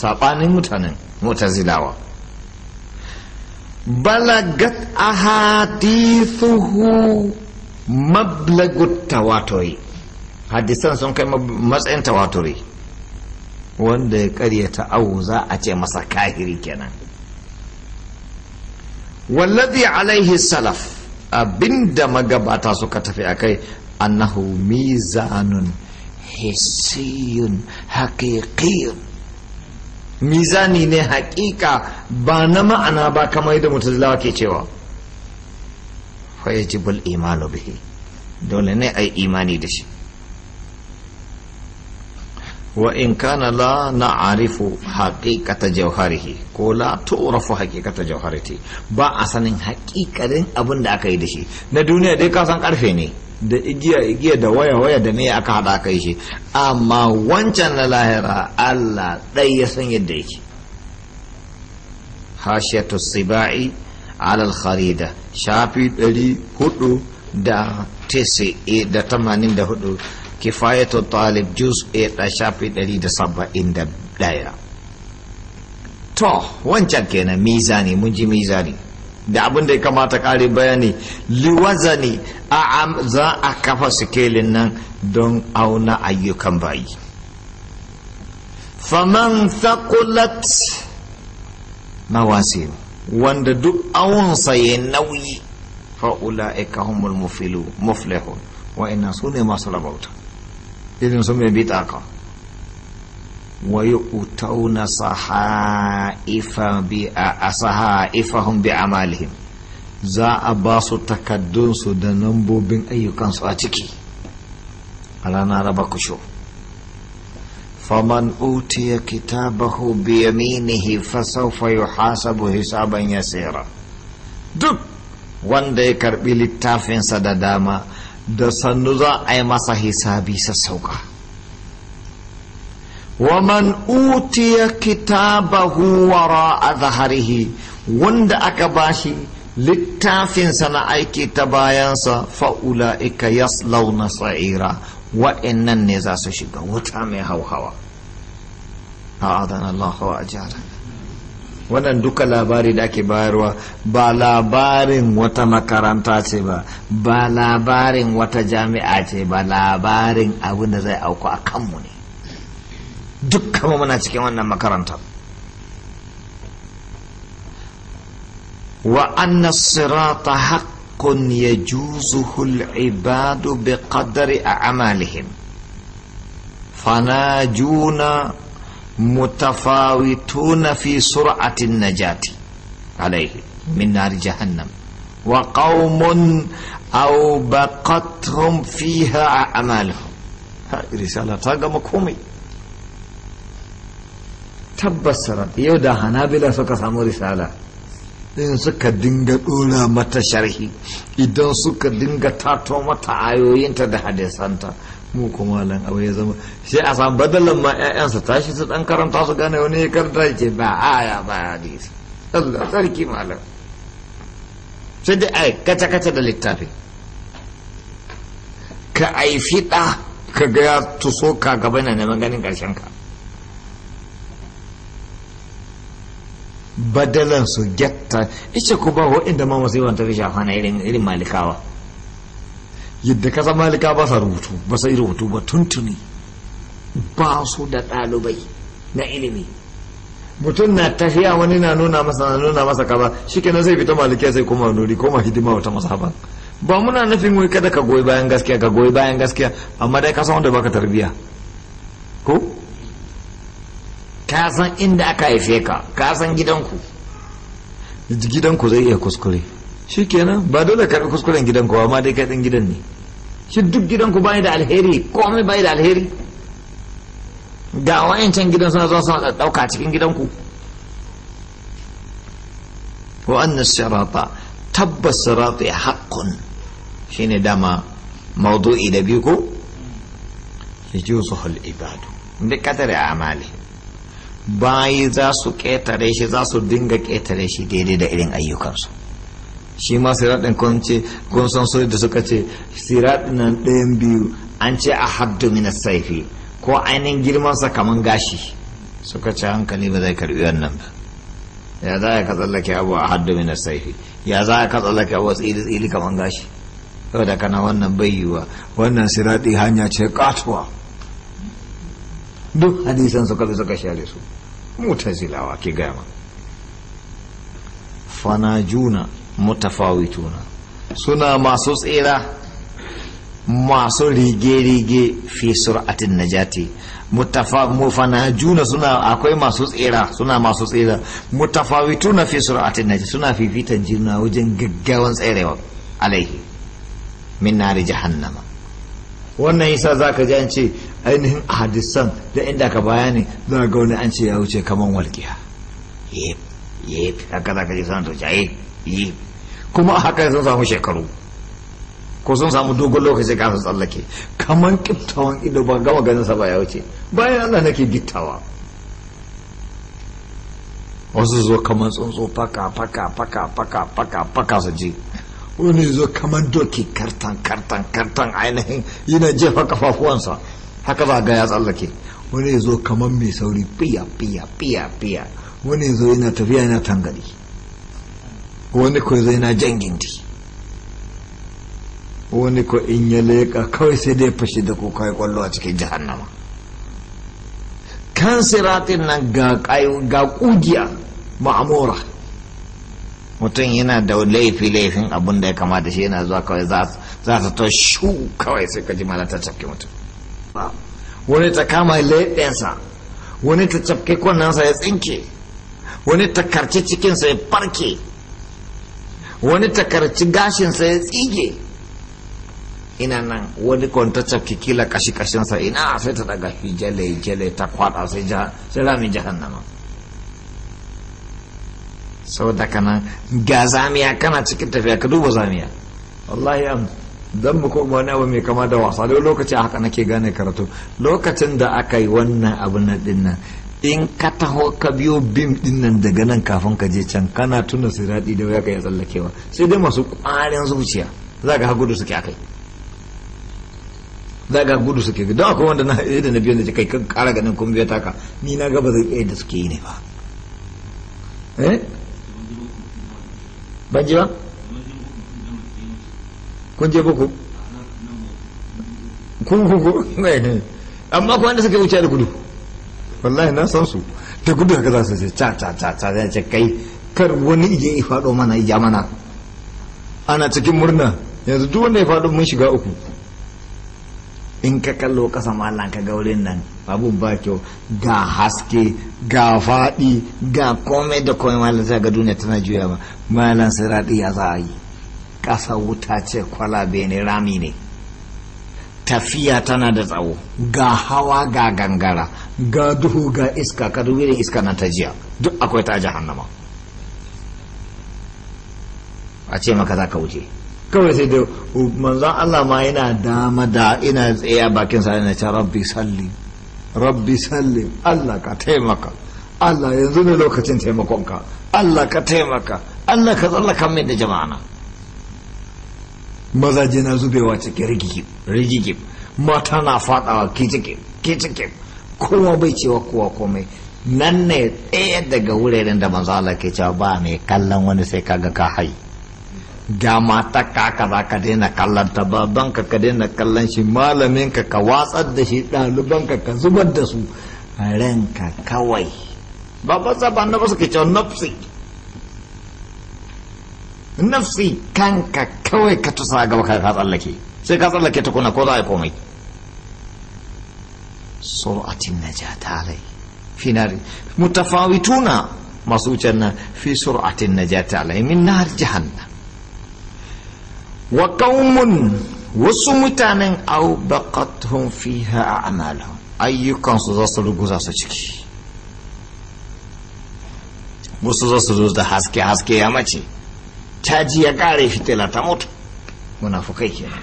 saɓanin mutanen mutazilawa balagat ahadithuhu mablagut tawaturi hadisan sun kai matsayin tawaturi wanda ya ƙaryata awu za a ce masa kahiri kenan wallazi alaihi salaf abinda magabata suka tafi akai Anahu mizanun hissiyun haƙiƙiyun mizani ne haƙiƙa ba na ma'ana ba kama yadda mutazila ke cewa fayyaji bul imanu bihi dole ne a imani dashi. shi wa in kana la na arifu haƙiƙata jauhari ko la turafu haƙiƙata jauhari ba a sanin haƙiƙarin abin da aka yi da na duniya dai kasan karfe ne da igiya igiya da waya waya da me aka hada kai shi amma wancan na lahira Allah dai ya san yadda yake hashiyatu sibai alal kharida shafi 400 hudu da tese eh, da tamanin da hudu kifayatu talib juz a eh, da shafi ɗari da to wancan kenan mizani mun ji mizani da abin da ya kamata kare bayani liwazani a za a kafa sikelin nan don auna ayyukan bayi faman thakulat mawasi wanda duk awonsa ya nauyi fa'ula'ika humul wa ina su ne masu labauta irin su mai kan. ويؤتون صحائف a بأعمالهم za a ba su takaddunsu da nambobin ayyukansu a ciki a ranar raba kusho faman utiya kitabahu bi yaminihi fa sawfa yuhasabu ya tsira. duk wanda ya karbi littafinsa da dama da sannu za a yi masa hisabi sassauka ومن أوتي كتابه وراء ظهره وند أكباشي littafin sana aiki ta bayansa fa'ula ika yaslauna sa'ira wa'annan ne za su shiga wuta mai hauhawa a adan Allah a jihar. wannan duka labari da ake bayarwa ba labarin wata makaranta ce ba ba labarin wata jami'a ce ba labarin abin da zai auku a kanmu ne dukkanmu muna cikin wannan makarantar wa anna sirata haqqun yajuzuhu al-ibadu biqadri a'malihim fanajuna mutafawituna fi sur'ati an-najati alayhi min nar jahannam wa qaumun aw baqathum fiha a'maluhum ha risala ta gama komai tabbas yau da hanabila suka samu risala in suka dinga dora mata sharhi idan suka dinga tato mata ayoyinta da hadisanta mu kuma nan abu ya zama sai a samu badalan ma 'ya'yansa tashi su dan karanta su gane wani ya karanta ce ba aya ba hadisi Allah sarki malam sai dai ai kaca kaca da littafi ka aifi ɗa ka ga tuso ka gaba na neman ganin ƙarshen ka badalan su gyatta ice ku ba waɗanda ma masu yawan tafi shafa na irin malikawa yadda kasa malika ba sa rubutu ba sa rubutu ba tuntuni ba su da ɗalibai na ilimi mutum na tafiya wani na nuna masa na nuna masa kaza shikenan zai fita malikiya sai koma nuri koma hidima wata masaba ba muna nufin wai kada ka goyi bayan gaskiya ka goyi bayan gaskiya amma dai ka san wanda baka tarbiya ko ka san inda aka haife ka ka san gidanku gidanku zai iya kuskure shi kenan ba dole karbi kuskuren gidanku amma dai kai gidan ne shi duk gidanku bai da alheri komai bai da alheri ga wayancan gidan suna zuwa suna ɗauka cikin gidanku wa anna sirata tabbas sirata haqqun shine dama mawdu'i da biyu ko yajuzu al-ibadu bi qadri Amali. bayi za su ƙetare shi za su dinga ƙetare shi daidai da irin ayyukansu shi ma siraɗin kun ce kun san so da suka ce siraɗin nan ɗayan biyu an ce a haddu mina saifi ko ainihin girmansa kaman gashi suka ce hankali ba zai karɓi wannan ba ya za ka tsallake abu a haddu mina saifi ya za ka tsallake abu a tsili tsili kaman gashi da kana wannan bayyuwa wannan siraɗi hanya ce katuwa duk hadisan suka bi suka share su mutazilawa ke gama fanajuna mutafawituna suna masu tsira masu rige-rige fi sur'atin najati mufanajuna suna akwai masu tsira suna masu tsira mutafawituna fi sur'atin najati suna fifitan jirna wajen gaggawan tsirewa alaihi min nari jahannama wannan yasa za ka ji an ce ainihin hadisan da inda ka bayani za ga wani an ce ya wuce kamar walƙiya yep yep haka za ka ji sanar da yep kuma haka sun samu shekaru ko sun samu dogon lokaci kafin tsallake kaman kiftawan ido ba gama ganin sa ba ya wuce bayan allah nake gittawa wasu zo kaman tsuntsu faka faka faka faka faka faka su je wani zo kamar doki kartan kartan kartan ainihin yana jefa kafafuwansa haka za ga ya tsallake wani zo kamar mai sauri biya biya biya biya wani zo yana tafiya yana tangali wani ko zai na jan gindi wani ko in ya leka kawai sai dai fashe da kuka kwallo a cikin jahannama kan siratin nan ga ƙugiya ma'amura mutum yana da laifi laifin abun da ya kamata shi yana zuwa kawai za su to shu kawai sai ka ji mana ta cafke mutum wani ta kama laifinsa wani ta cafke kwanansa ya tsinke wani ta karci cikinsa ya farke wani ta karci gashinsa ya tsige ina nan wani kwanta cafke kila kashi kashinsa ina sai ta daga jale-jale ta kwada sai ramin jahannama saboda kana ga zamiya kana cikin tafiya ka duba zamiya wallahi am dan mu ko wani abu mai kama da wasa dole lokaci haka nake gane karatu lokacin da aka yi wannan abu na dinnan in ka taho ka biyo bim nan daga nan kafin ka je can kana tuna siradi da ya tsallakewa sai dai masu kwarin zuciya za ka gudu suke akai za ka gudu suke don akwai wanda na eh, da na biyan da kai kan kara ganin kuma biya taka ni na gaba zai iya da suke yi ne ba eh ban ji ba kun je buku kun kuku amma ku wanda suka wuce da gudu wallahi na san su ta gudu haka za su ce ca ca ca ca ce kai kar wani ije ifado mana ya mana ana cikin murna yanzu duk wanda ya faɗo mun shiga uku in ka kallo ƙasa malan ka ga wurin nan Babu ba kyau ga haske ga faɗi ga komai da komai malan sai ga duniya tana juya ba malan sirati ya za a yi ƙasa wuta ce kwalabe ne rami ne tafiya tana da tsawo ga hawa ga gangara ga duhu ga iska ka dubi iska na ta jiya duk akwai ta jahannama a ce maka za ka wuce kawai sai da manzon Allah ma yana dama da ina tsaye bakin sa yana cewa rabbi salli rabbi salli Allah ka taimaka Allah yanzu ne lokacin taimakonka Allah ka taimaka Allah ka kan mai da jama'a mazaje na zubewa cikin rigigib rigigib mata na fadawa kicikib kicikib kowa bai cewa kowa komai nan ne ɗaya daga wuraren da manzo Allah ke cewa ba mai kallon wani sai kaga ka hayi ga matakka kaza ka daina kallon ta babanka ka daina kallon shi malaminka ka watsar da shi ɗaliban ka zubar da su ranka kawai ba ba sa ba na ba ke cewa nafsi nafsi kanka kawai ka tusa gaba ka tsallake sai ka tsallake ta kuna ko za a yi komai sur'atin najata alai fi Mutafawi mutafawituna masu wucen nan fi sur'atin ta alai min nahar jahannam wa qaumun wasu mutanen au baqathum fiha a'malahum ayyukansu za su ruguza su ciki wasu za su zo da haske haske ya mace caji ya kare fitila ta mutu munafukai kenan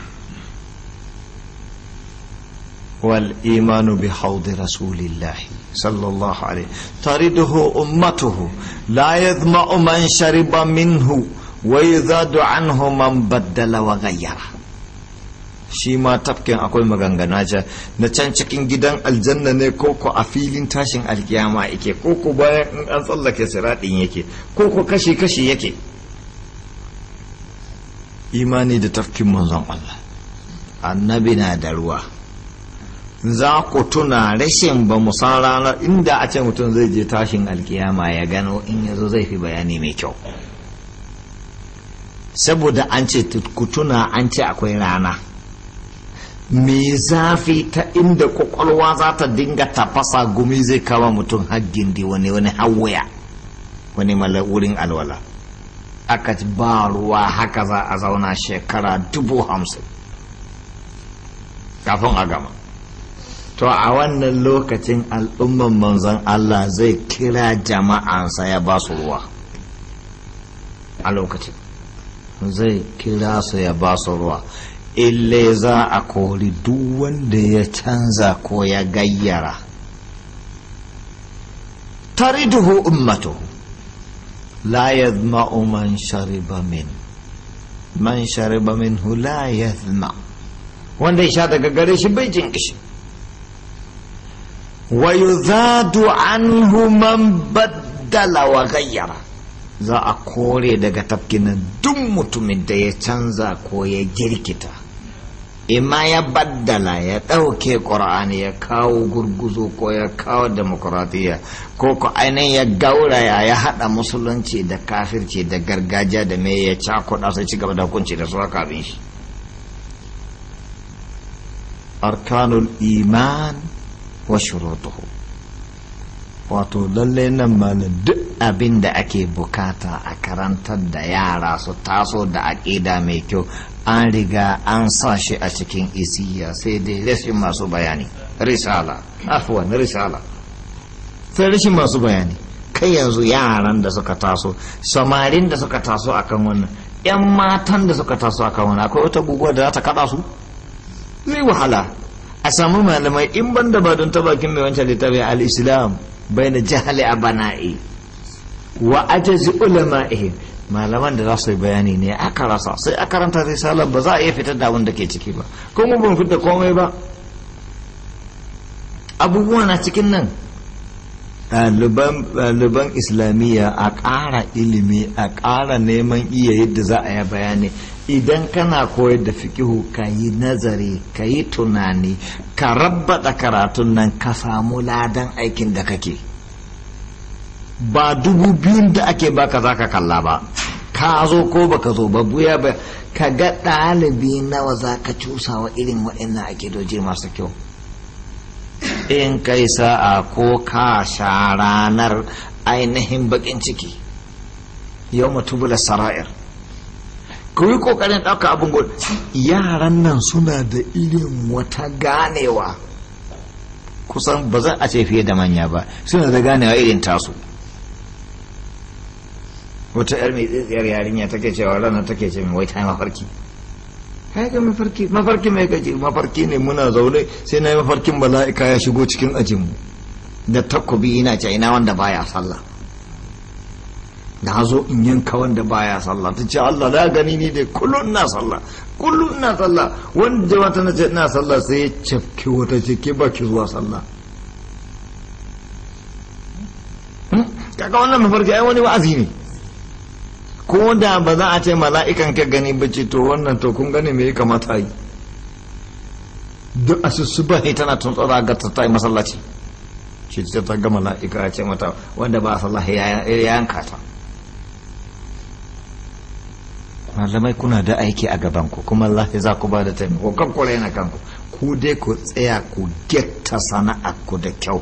wal imanu bi haudi rasulillahi sallallahu alaihi tariduhu ummatuhu la yadma'u man shariba minhu ويزاد عنه من بدل وغير shi ma tafkin akwai maganganu na can cikin gidan aljanna ne ko a filin tashin alkiyama yake ko bayan in an tsallake siraɗin yake koko ko kashi kashi yake imani da tafkin manzon Allah annabi na da ruwa za ku tuna rashin ba mu san ranar inda a ce mutum zai je tashin alkiyama ya gano in yazo zai fi bayani mai kyau saboda an ce kutuna an ce akwai rana me zafi ta inda kwakwalwa za ta dinga tafasa gumi zai kama mutum haggin di wani wani hawaya wani wurin alwala aka ba ruwa haka za a zauna shekara dubu hamsin kafin a gama to a wannan lokacin al'umman manzon Allah zai kira jama'ansa ya ba su ruwa a lokacin zai kira su ya ba su ruwa ille za a kori duk wanda ya canza ko ya gayyara tariduhu ummatuhu la yadma'u man shariba min man shariba minhu la yadma wanda ya sha daga gare shi bai jin kishi wa yuzadu anhu man baddala wa gayyara za a kore daga tafkinin duk mutumin da ya canza ko ya girkita imma ya baddala ya ɗauke ƙura'ani ya kawo gurguzo ko ya kawo demokuratiyya ko ko ainihin ya gauraya ya haɗa musulunci da kafirci da gargajiya da mai ya cakuɗa sai ci gaba da hukunci da suwa kafin shi arkanul iman wa shurutuhu wato lallai nan malam duk abin da ake bukata a karantar da yara su taso da aƙida mai kyau an riga an sa shi a cikin isiya sai dai rashin masu bayani risala afuwan risala sai rashin masu bayani kai yanzu yaran da suka taso samarin da suka taso akan wannan yan matan da suka taso akan wannan akwai wata guguwa da za ta kada su zai wahala a samu malamai in ban da ba don ta mai wancan littafi al-islam baina jahali abana'i wa ajazi ulama malaman da za su yi bayani ne aka rasa sai a karanta risalar ba za a iya fitar da abin ke ciki ba kuma ban fitar komai ba abubuwa na cikin nan ɗaliban islamiyya a ƙara ilimi a ƙara neman iya yadda za a yi bayani idan kana koyar da fikihu ka yi nazari ka yi tunani ka rabbada karatun nan ka samu ladan aikin da kake ba dubu biyun da ake baka za ka kalla ba ka zo ko baka zo ba buya ba ka ga ɗalibi nawa za ka cusawa irin waɗannan ake doje masu kyau in kai sa'a ko ka sha ranar ainihin bakin ciki yau mutubula sara'ir ku yi kokarin ɗauka abin gol yaran nan suna da irin wata ganewa kusan ba za a ce fiye da manya ba suna da ganewa irin tasu wata yar mai tsitsiyar yarinya take cewa ranar take ce mai wai ta mafarki kai ga mafarki mafarki mai gaji mafarki ne muna zaune sai na yi mafarkin bala'ika ya shigo cikin ajinmu da takobi ina ce ina wanda baya sallah na zo in yanka wanda baya sallah ta ce Allah da gani ni dai kullum na sallah kullum na sallah wanda wata na ce ina sallah sai ya cafke wata ce ke baki zuwa sallah hmm? kaga wannan mafarki ai wani wa'azi ne ko da ba za a ce mala'ikan ka gani ba ce to wannan to kun gani me ya kamata yi duk su ne tana tuntsara ga ta yi masallaci ce ta ga mala'ika ce mata wanda ba sallah ya yanka ta malamai kuna da aiki a gabanku kuma Allah ya za ku ba da taimako kan kwarai na kanku ku dai ku tsaya ku getta ku da kyau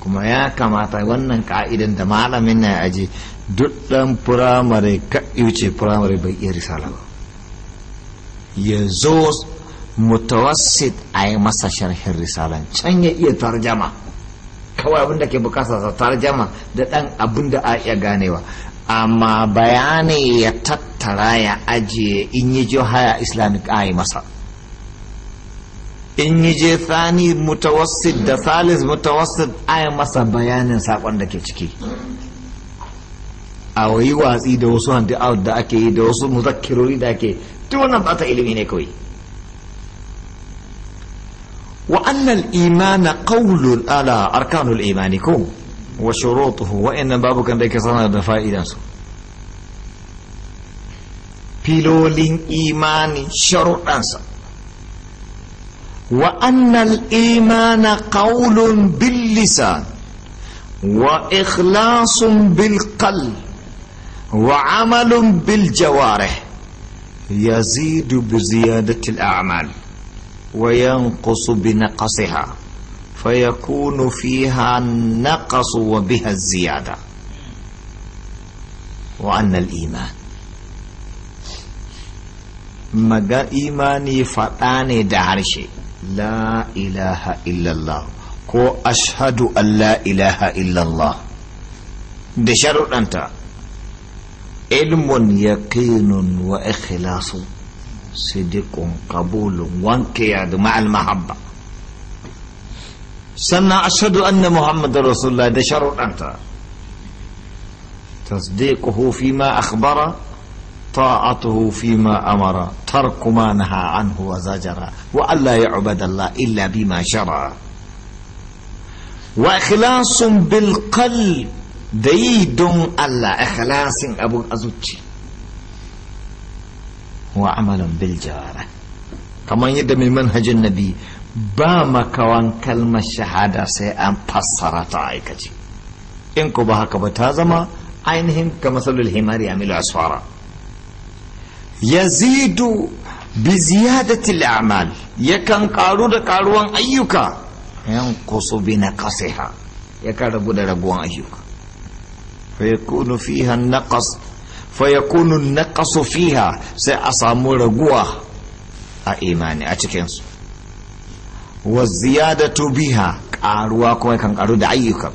kuma ya kamata wannan ka'idan da malamin na aji duk dan firamare ka yuce firamare bai iya risala ba ya zo mutawassit a yi masa sharhin risalan can ya iya tarjama kawai abin da ke bukasa sa tarjama da dan abin da a iya ganewa amma bayani ya tattara ya ajiye in yi jo haya islamic ayi masa in yi je thani da salis a ayi masa bayanin sakon da ke ciki a wayi watsi da wasu hanti out da ake yi da wasu muzakkirori da ake duk wannan ba ta ilimi ne kawai wa annal imana qawlun ala arkanul imani ko وشروطه وإن بابك عندك صنع فائده فيلولين إيمان شروطا وأن الإيمان قول باللسان وإخلاص بالقلب وعمل بالجوارح يزيد بزيادة الأعمال وينقص بنقصها فيكون فيها النقص وبها الزيادة وأن الإيمان مجا إيماني فتاني دعرشي لا إله إلا الله كو أشهد أن لا إله إلا الله بشرط أنت علم يقين وإخلاص صدق قبول وانقياد مع المحبه sannan ashadu anna muhammadar rasulullah da sharuɗanta tasdiquhu fi ma akhbara ta'atuhu fi ma amara tarku ma naha anhu wa zajara wa alla ya'bada Allah illa bima shara wa ikhlasun bil qalb da yi don Allah ikhlasin abun azuci wa amalan bil jawara kamar yadda mai manhajin nabi ba makawan kalmar shahada sai an fassara ta aikace in ku ba haka ba ta zama ainihin ga masalul himari a milu asfara yazidu bi ziyadatil a'mal yakan karu da karuwan ayyuka yan kusu bi yakan rabu da rabuwan ayyuka fa yakunu fiha naqas fa naqasu fiha sai a samu raguwa a imani a cikinsu والزيادة بها biha ƙaruwa kuma kan ƙaru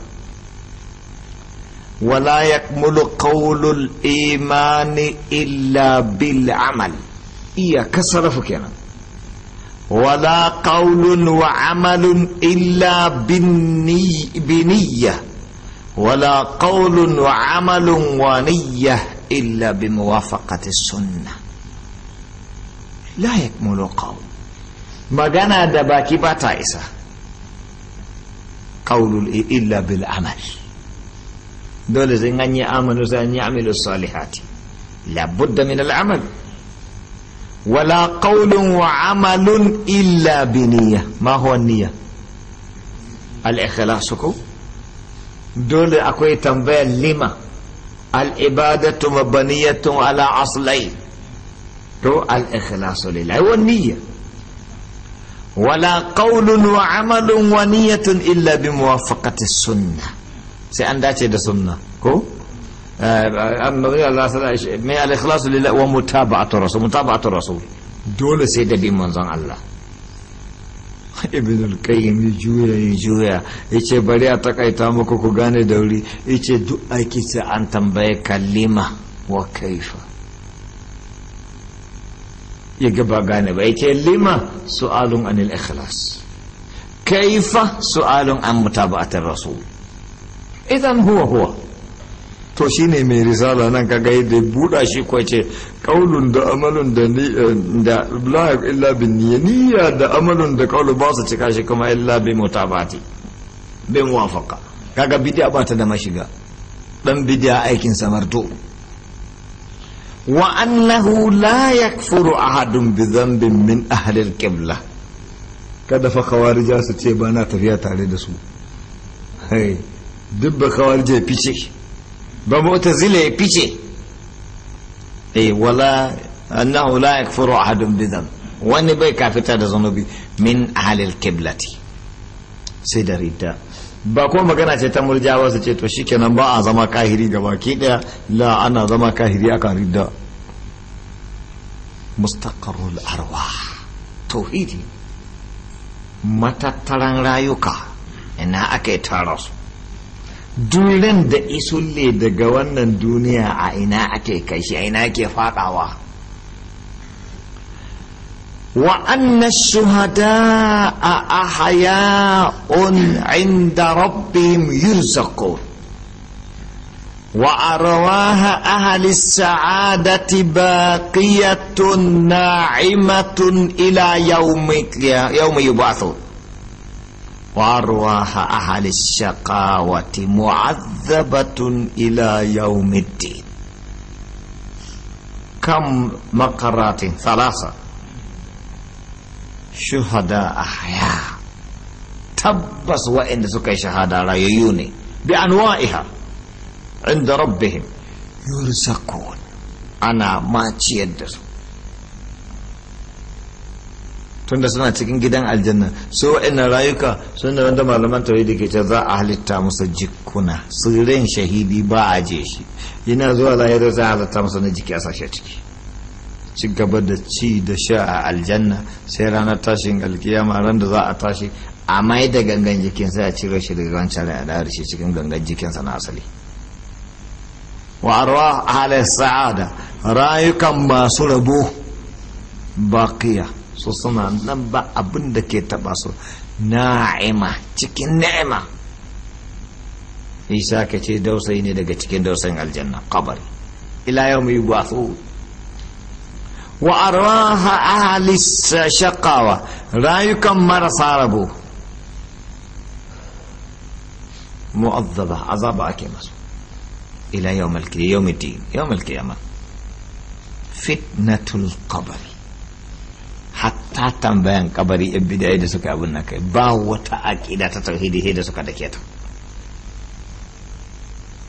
ولا يكمل قول الإيمان إلا بالعمل إيا كسر فكينا ولا قول وعمل إلا بالني بنية ولا قول وعمل ونية إلا بموافقة السنة لا يكمل قول magana da baki ba ta isa ƙaunul illa bil amal dole zai an yi amanu sai an yi amilu salihati labudda min al'amal wala ƙaunin wa amalun illa biniya ma huwa niyya al-ikhlasu ko dole akwai tambaya lima al-ibadatu mabaniyatun ala aslai to al-ikhlasu lillahi wa niyya wala qaulun wa amalun wa niyyatun illa bi muwafaqati sunnah sai an dace da sunna ko eh, mai al lillah wa mutaba'atu rasul mutaba'atu rasul dole sai da bin manzon Allah ibn al-qayyim juya juya bari a takaita muku ku gane da wuri ce duk aiki sai an tambaye kalima wa kaifa ya gaba gane ba yake lima su'alun anil ikhlas kaifa su'alun an mutaba'atar rasul idan huwa huwa to shine mai risala nan kaga yadda buɗa shi ko ce kaulun da amalun da eh, da la illa bin niyya da amalun da kaulu ba su cika shi kuma illa bi mutabati bin wafaka kaga bid'a ba ta da mashiga dan bid'a aikin samarto Wa وأنه لا bi أحد بذنب من أهل القبلة kada fa khawarija su ce ba na tafiya tare da su hey dubba khawarija ya fice ba mota zila ya fice eh wala annahu la yakfuru ahadun bidan wani bai kafita da zanubi min ahlil qiblati sai da ridda ba kuma magana ce ta ba su ce to shi kenan ba a zama kahiri ga baki daya la ana zama kahiri kari da mustaƙarul arwa hidi matattaran rayuka ina aka yi tara su durin da isulle daga wannan duniya a ina ake kai shi a ina ake fadawa وأن الشهداء أحياء عند ربهم يرزقون وأرواها أهل السعادة باقية ناعمة إلى يوم يوم يبعثون وأرواها أهل الشقاوة معذبة إلى يوم الدين كم مقرات ثلاثة shuhada a haya tabbas wa'inda suka yi shahada rayayyu ne bi wa'iha inda rabbihim yurzakun ana maciyar da su tunda suna cikin gidan aljanna su wa'annan rayuka sun da wanda malaman da ke ce za a halitta musu jikuna sirrin shahidi ba a je shi yana zuwa lahira za a halitta musu na jiki a sashe ciki ci gaba da ci da sha a aljanna sai ranar tashin alkiyama ran da za a tashi a mai da gangan jikin sai a cire shi daga wancan rai a dare shi cikin gangan jikinsa na asali wa arwa ala sa'ada rayukan masu rabo baqiya su suna nan ba abin da ke taba su na'ima cikin ni'ima isa ka ce dausayi ne daga cikin dausayin aljanna kabari ila yau mai su. وأرواها أهل الشقاوة رايكم يكمر صاربو مؤذبة عذاب أكيمة إلى يوم الكريم يوم الدين يوم القيامة فتنة القبر حتى تم تنبين قبر يبدا يدسك أبو النك باوة أكيدة تتوحيد يدسك دكيتو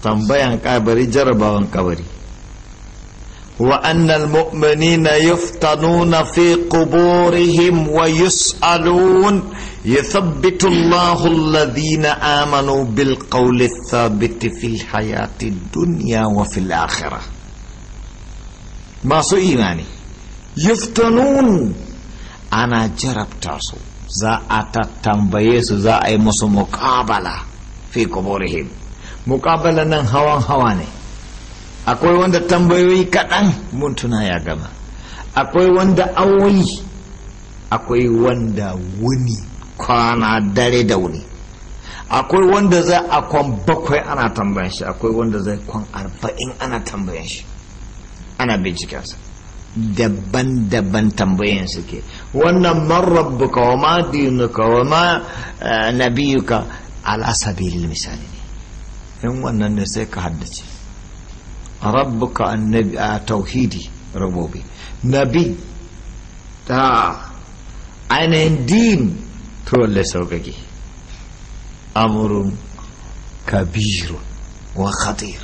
تنبين قبر جربا قبري وأن المؤمنين يفتنون في قبورهم ويسألون يثبت الله الذين آمنوا بالقول الثابت في الحياة الدنيا وفي الآخرة ما سو إيماني يفتنون أنا جرب تاسو زا أتت بيسو زا أي مسو مقابلة في قبورهم مقابلة نن هوان هواني akwai wanda tambayoyi kaɗan muntuna ya gama akwai wanda awoyi akwai wanda wuni kwana dare da wuni akwai wanda zai a kwan bakwai ana tambayan shi akwai wanda zai kwan arba'in ana tambayan shi ana bincikensa daban-daban tambayan suke wannan marrabbuka wa ma dinuka wa ma eh, nabiyuka ala misali ne in wannan ne sai ka haddace ربك النبي آه، توحيدي ربوبي نبي تا أنا دين تولى سوقكي أمر كبير وخطير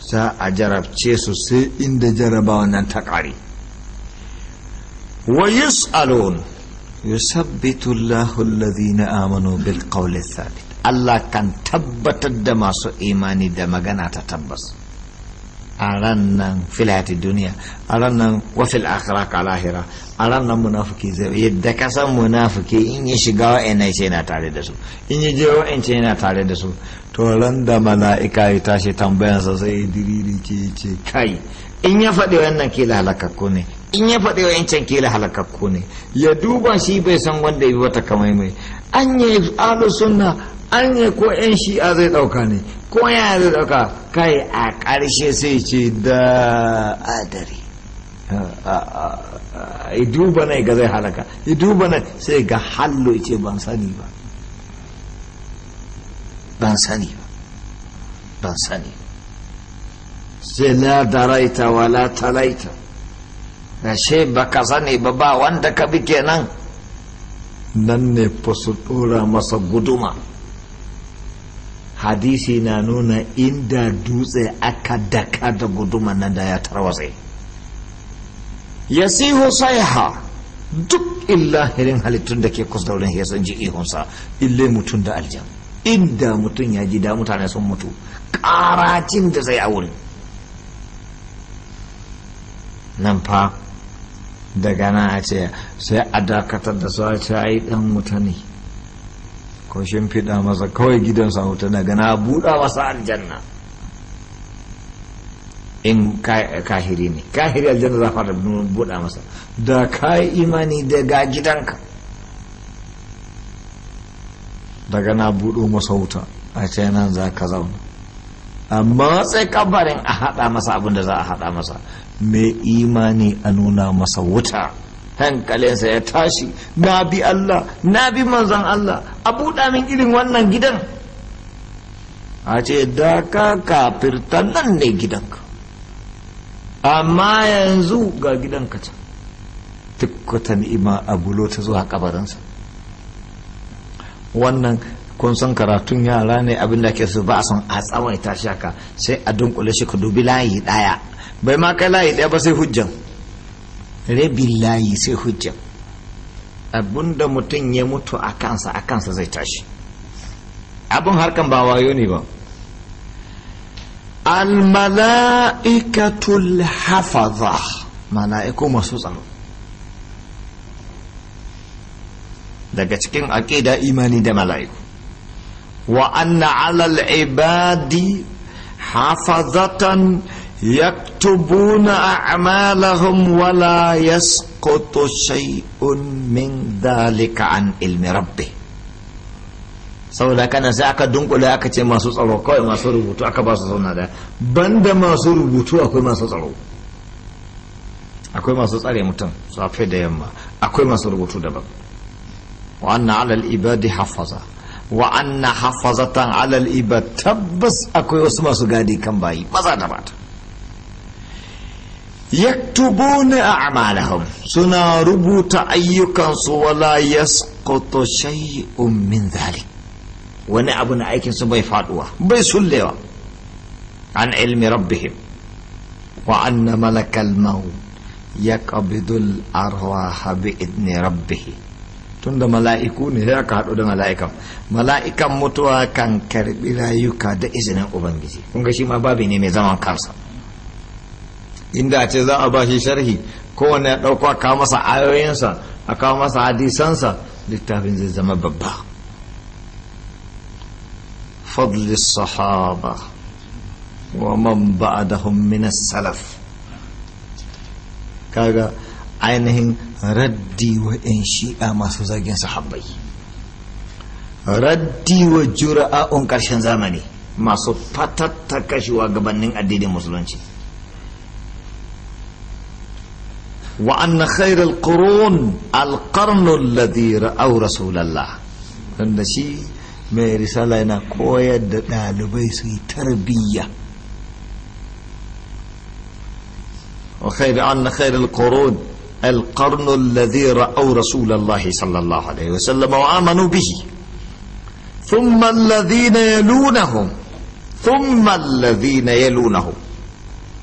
سا أجرب تشيسو سي إند جربا ننتقاري ويسألون يثبت الله الذين آمنوا بالقول الثابت Allah kan tabbatar da masu imani da magana ta tabbas a ranar filayati duniya a ranar wafil ka lahira a ranar munafuki zai yadda ka san in yi shiga wa'annan ce yana tare da su in yi je in ce yana tare da su to ran da mala'ika ya tashi tambayansa sai diriri ke ce kai in ya faɗi wannan kila halakakku ne in ya faɗi yancan kila halakakku ne ya duba shi bai san wanda ya bi wata kamaimai an yi alu sunna an yi ko 'yan shi'a zai ɗauka ne ko ya zai ɗauka kai a ƙarshe sai ce da adari i duba ne ga zai halaka i duba sai ga hallo ce ban sani ba ban sani ba ban sani sai la daraita wa la talaita Na shi ba ka sani ba ba wanda ka bi kenan nan ne fa su masa guduma hadisi na nuna inda dutse aka daka da guduma nan da ya tarwatse yasihu saiha duk illa hirin halittun da ke kusa wurin ji ihunsa ille mutum da aljan inda mutum ya ji da mutane sun mutu karacin da zai a wurin nan fa daga na a ce sai a dakatar da su a yi dan mutane ko shimfiɗa masa kawai gidansa wuta daga na buɗa masa aljanna in kahiri ne kahiri aljanna za fara buɗa masa da ka imani daga gidanka daga na buɗo masa wuta a cana nan za ka zauna amma sai kabarin a haɗa masa abin da za a haɗa masa mai imani a nuna masa wuta hankalinsa ya tashi na bi Allah na bi manzon Allah a buɗa min irin wannan gidan a ce da ka kafirta nan ne gidanka amma yanzu ga gidanka can tukkata ni'ima a bulo ta zuwa kabarinsa wannan kun san karatun yara ne abin da ke su ba a son a tsawaita shaka sai a dunkule shi ka dubi layi daya bai ma kai layi daya ba sai hujjan rabillahi sai hujja abinda mutum ya mutu a kansa a kansa zai tashi Abun harkan ba wayo ne ba almala'ikatul hafaza mala'iku masu tsaro daga cikin aƙida imani da mala'iku wa anna alal ibadi hafazatan يكتبون أعمالهم ولا يسقط شيء من ذلك عن علم ربه saboda kana sai aka dunkula aka ce masu tsaro kawai masu rubutu aka ba su zauna da banda masu rubutu akwai masu tsaro akwai masu tsare mutum safe da yamma akwai masu rubutu daban wa anna alal ibadi hafaza wa anna hafazatan alal ibad tabbas akwai wasu masu gadi kan bayi maza da mata yaktubuna a'malahum suna rubuta ayyukansu wala yasqutu shay'un min dhalik wani abu na aikin su bai faduwa bai sullewa an ilmi rabbihim wa anna malakal maut yaqbidul arwaha bi idni rabbih tunda mala'iku ne ya ka hadu da mala'ikan mala'ikan mutuwa kan karbi rayuka da izinin ubangiji kun ga shi ma babu ne mai zaman kansa inda ce za a bashi sharhi kowane ya ɗauko a kawo masa ayoyinsa a kawo masa hadisansa littafin zai zama babba fadli sahaba wa man ba'dahum min salaf kaga ainihin raddi wa in shi'a masu zagin sahabbai raddi wa jura'a'un karshen zamani masu fatattaka gabanin addinin musulunci وأن خير القرون القرن الذي رأوا رسول الله wanda shi mai risala yana koyar تربية وخير أن خير القرون القرن الذي رأوا رسول الله صلى الله عليه وسلم وآمنوا به ثم الذين يلونهم ثم الذين يلونهم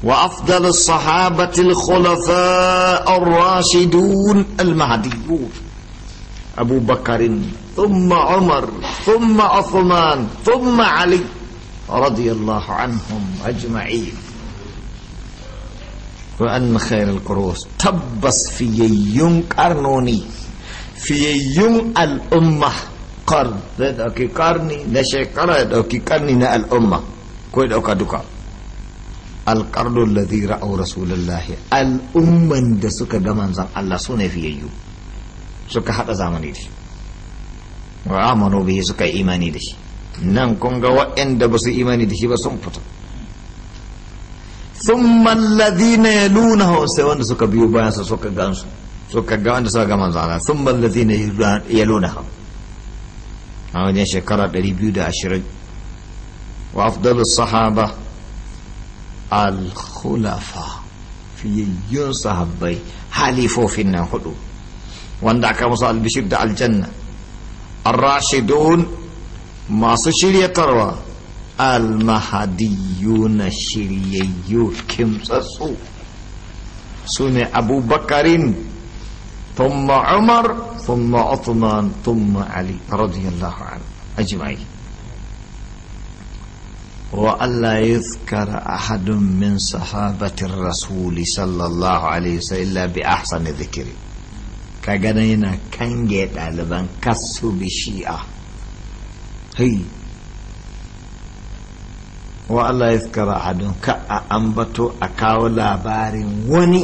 وأفضل الصحابة الخلفاء الراشدون المهديون أبو بكر ثم عمر ثم عثمان ثم علي رضي الله عنهم أجمعين وأن خير القروس تبس في يوم قرنوني في يوم الأمة قرن ذات أكي قرني نشي قرن أكي قرني نا الأمة كويد أكا alƙarnun lazira au rasulullahi al'umman da suka ga manzan Allah su ne fiyayyu suka haɗa zamani da shi wa amano bihi suka yi imani da shi nan kun ga waɗanda ba su imani da shi ba sun fita sun mallazi na ya luna sai wanda suka biyo bayansa suka gansu suka ga wanda suka ga manzana sun mallazi na ya luna a wajen shekara 220 wa afdalus sahaba al-khulafa fiyayyun sahabbai halifofin nan hudu wanda aka musu albishir da aljanna ar-rashidun masu shiryatarwa al-mahadiyun shiryayyu kimtsatsu su ne abubakarin ثم عمر ثم عثمان ثم علي رضي الله عنه أجمعين wa Allah ya tsikara a hadin min sahabatin rasuli sallallahu alaihi sallallahu bi ahsani zikiri ka gana yana kange ɗaliban kasu bi shi'a hai wa Allah ya tsikara a hadin ka a ambato a kawo labarin wani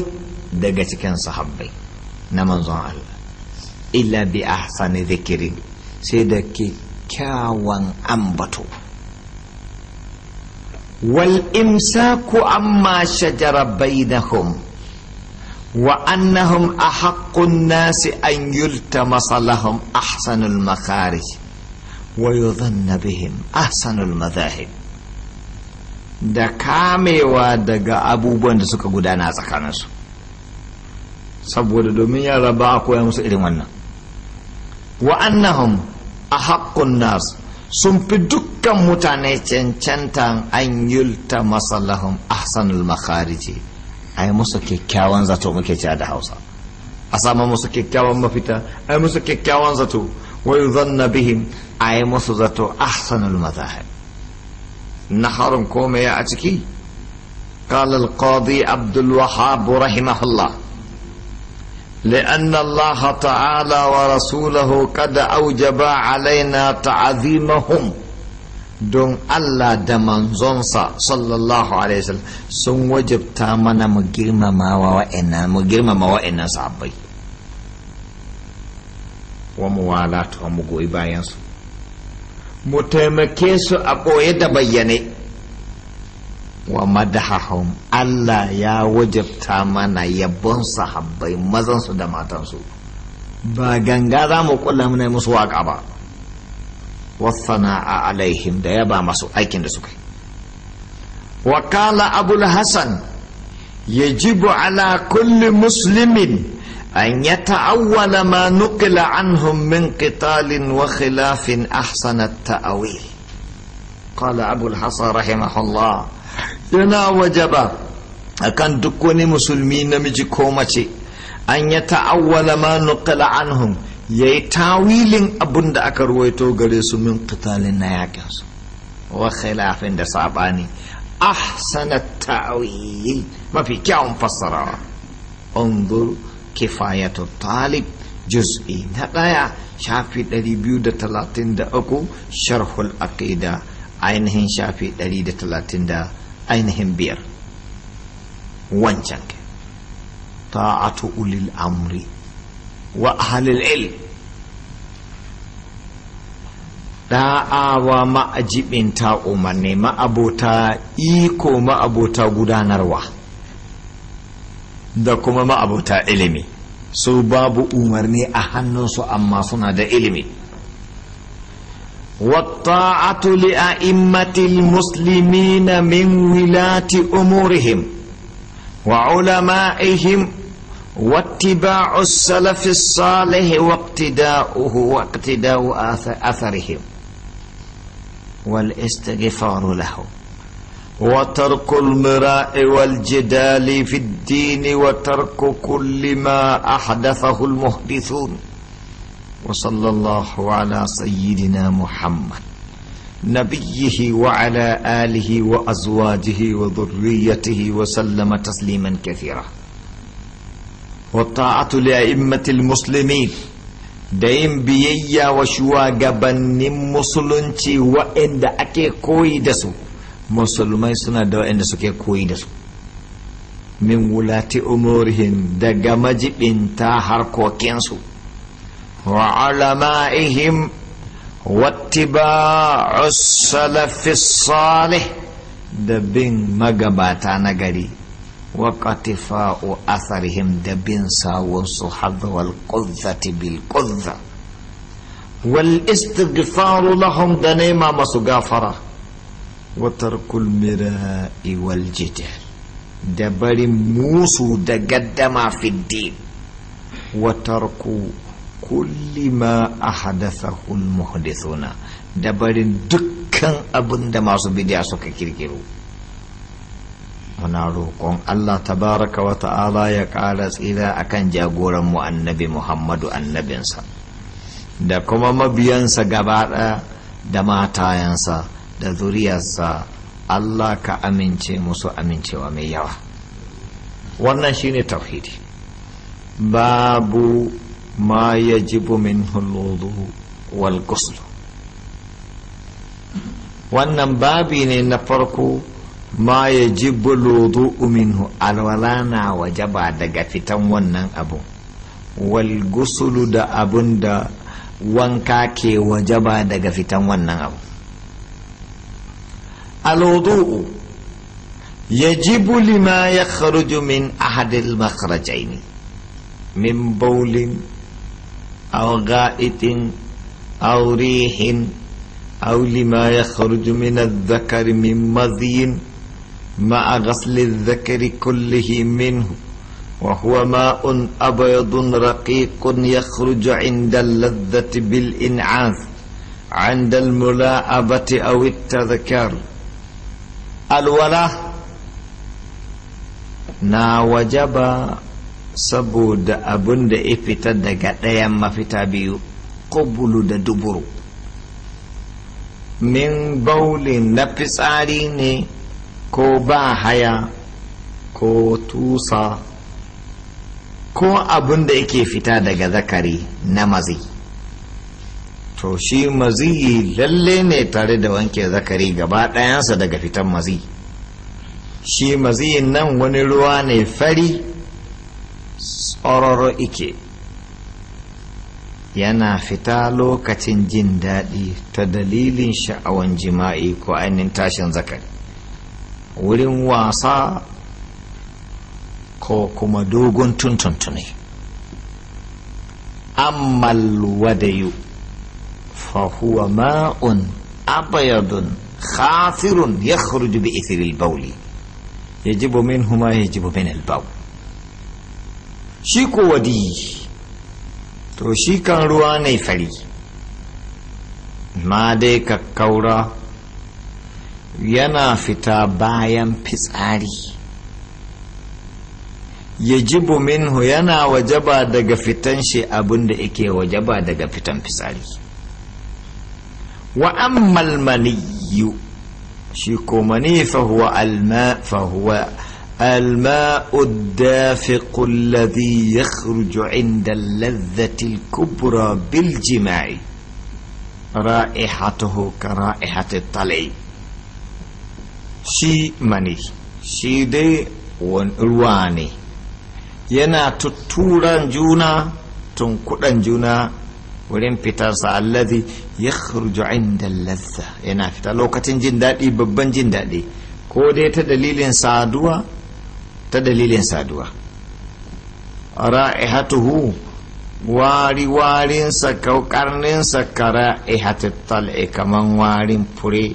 daga cikin sahabbai na manzon Allah illa bi ahsani zikiri sai da kyakkyawan ambato. ambato والإمساك عما شجر بينهم وأنهم أحق الناس أن يلتمس لهم أحسن المخارج ويظن بهم أحسن المذاهب da kamewa daga abubuwan da suka gudana a tsakaninsu saboda domin yara ba a koya musu irin wannan wa'annahum a haƙƙun nasu sun fi dukkan mutane cancantan an yulta masalahun ahsanul makhariji a yi musu kyakkyawan zato muke cewa da hausa a samu musu kyakkyawan mafita a yi musu kyakkyawan zato wai zanna bihim a yi musu zato ahsanul mazahib na harin komai a ciki kalal القاضي عبد الوهاب رحمه لأن الله تعالى ورسوله قد أوجب علينا تعظيمهم دون الله دمان زنسا صلى الله عليه وسلم سن وجب تامنا مجرم ما وإنا مجرم ما وإنا صعبي وموالات وقوي باينسو متمكيس taimake su wa madahahum Allah ya wajabta mana yabon sahabbai mazansu da matansu ba ganga za mu kula muna musu waka ba wasana a alaihim da yaba masu aikin da suka yi wakala abul hassan yajibu ala kulli muslimin أن يتأول ما نقل عنهم min قتال wa أحسن التأويل قال أبو الحصى رحمه الله yana wajaba akan duk wani musulmi namiji ko mace an ya ta'awwala ma hun anhum yayi tawilin abun da aka ruwaito gare su min qitalin na yakin su wa khilafin da sabani ahsana ta'wil mafi kyawun fassarawa unzur kifayatu talib juz'i na ɗaya shafi 233 sharhul aqida ainihin shafi da. ainihin biyar wancan ke ta'atu ulil amri wa ahlil ilm da'awa ma'ajibinta umarni ma'abota iko ma'abota gudanarwa da kuma ma'abota ilimi su babu umarni a hannunsu amma suna da ilimi والطاعة لأئمة المسلمين من ولاة أمورهم وعلمائهم واتباع السلف الصالح واقتداؤه واقتداء أثرهم والاستغفار لهم وترك المراء والجدال في الدين وترك كل ما أحدثه المحدثون وصلى الله على سيدنا محمد نبيه وعلى آله وأزواجه وذريته وسلم تسليما كثيرا والطاعة لأئمة المسلمين دين بيي وشوى جبن مسلنتي وإن أكي كويدسو musulmai suna da waɗanda suke koyi da su min wulati umurihim daga majibinta harkokinsu وعلمائهم واتباع السلف الصالح دبن مغباتا نغري وقتفاء أثرهم دبن ساون صحب والقذة بالقذة والاستغفار لهم دنيما مسغافرة وترك المراء والجدال دبر موسو دقدما في الدين وترك kulli ma ahdathahu al-muhdithuna da barin dukkan abin da masu bidiya suka kirkiro muna roƙon Allah tabaraka wa ta'ala ya ƙara tsira akan jagoran mu annabi Muhammadu annabinsa da kuma mabiyansa gaba da matayansa da zuriyarsa Allah ka amince musu amincewa mai yawa wannan shine tauhidi babu ما يجب منه الوضوء والغسل wannan babi ne na farko ma ya ji lodo minhu alwala na wajaba daga fitan wannan abu wal gusulu da abun da wanka ke wajaba daga fitan wannan abu ya ji ma ya min ahadil makhrajaini min baulin أو غائط أو ريح أو لما يخرج من الذكر من مضي مع غسل الذكر كله منه وهو ماء أبيض رقيق يخرج عند اللذة بالإنعاز عند الملاعبة أو التذكار الولاء نا وجب saboda abin da ya fita daga ɗayan mafita biyu ƙubulu da duburu min bauli na fitsari ne ko ba haya ko tusa ko abin da yake fita daga zakari na mazi to shi Mazi lalle ne tare da wanke zakari gaba ɗayansa daga fitan mazi shi Mazi nan wani ruwa ne fari tsororo ike yana fita lokacin jin daɗi ta dalilin sha'awan jima'i ko ainihin tashin zakari wurin wasa ko kuma dogon tuntuntuni ammal wadayu fahuwa ma'un abayadun khafirun ya bi ithril bauli yajibu huma ya min al shi ko wadi to shi kan ruwa ne fari ma dai kakkaura yana fita bayan fitsari ya jibu minhu yana wajaba daga fitan shi abinda yake wajaba daga fitan fitsari wa maniyu shi ko mani fahuwa alma fahuwa الماء الدافق الذي يخرج عند اللذة الكبرى بالجماع رائحته كرائحة الطلي شي ماني شي دي والواني ينا تطوران جونا تنقران جونا ولين بيتاسا الذي يخرج عند اللذة ينا فتا لوكتن جندالي ببن جندالي كودية دليل صادوة ta dalilin saduwa ra'ihatuhu wari-warinsa kaukarninsa ka ra'ihatar tal'i kaman warin fure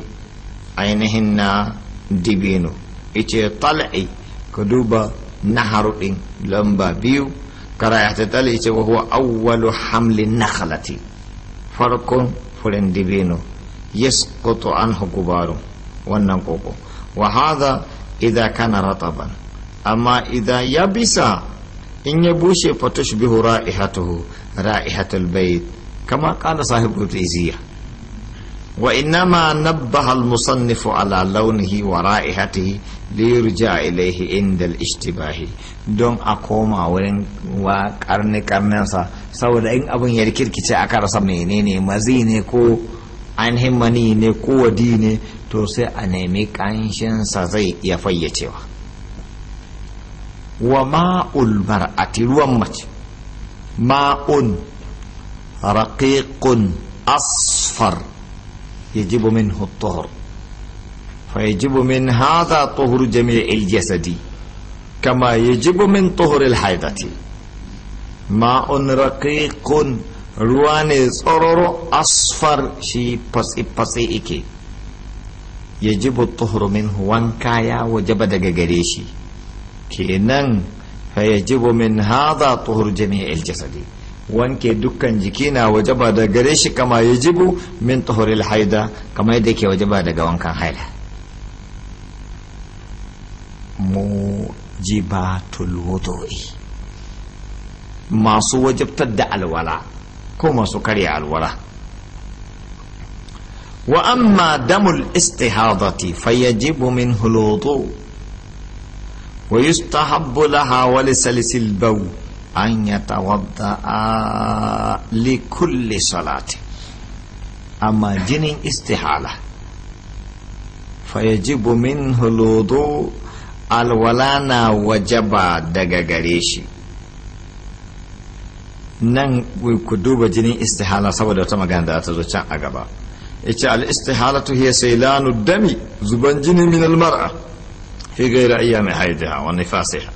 ainihin na dibino ice tal'i ka duba na harudin lamba biyu ka ra'ihatar tal'i ce wahuwa awwalu hamlin na halati farkon furen dibino yaskutu an gubarun wannan koko wa hadha idza kana rataban amma idan ya bisa in ya bushe bihu ra'ihatuhu ra'ihatul bait kama kana sahibu tiziya wa innama nabbaha al musannif ala launihi wa ra'ihatihi yurja ilaihi inda al-ishtibahi don a koma wurin wa karni saboda in abin ya rikirkice aka rasa menene mazi ne ko ainihin mani ne ko wadi ne to sai a nemi kanshin sa zai iya fayyacewa wa ma'ul mar'ati ruwan mace ma'un raqiqun asfar yajibu min hutur fayajibu min hadha tuhur jami'il jasadi kama yajibu min tuhur alhaidati ma'un raqiqun ruwane tsororo asfar shi fasi ke ike yajibu tuhur min wanka ya wajaba daga gare shi kenan fayajibu min hadha tuhur jami'il jasadi wanke dukkan jiki na wajaba da gare shi kama yajibu min tuhuril haida kama yadda ke wajaba daga wankan haida mujibatul wudu'i masu wajabtar da alwala ko masu karya alwala wa amma damul istihadati fayajibu min huludu ويستحب لها ولسلس البو أن يتوضأ لكل صلاة أما جن استحالة فيجب منه الوضوء الولانا وجبا shi. nan ku duba jinin istihala saboda wata magana da ta zo can a gaba ita al-istihalatu hiya sailanu dami zuban jini min mara في غير أيام حيضها ونفاسها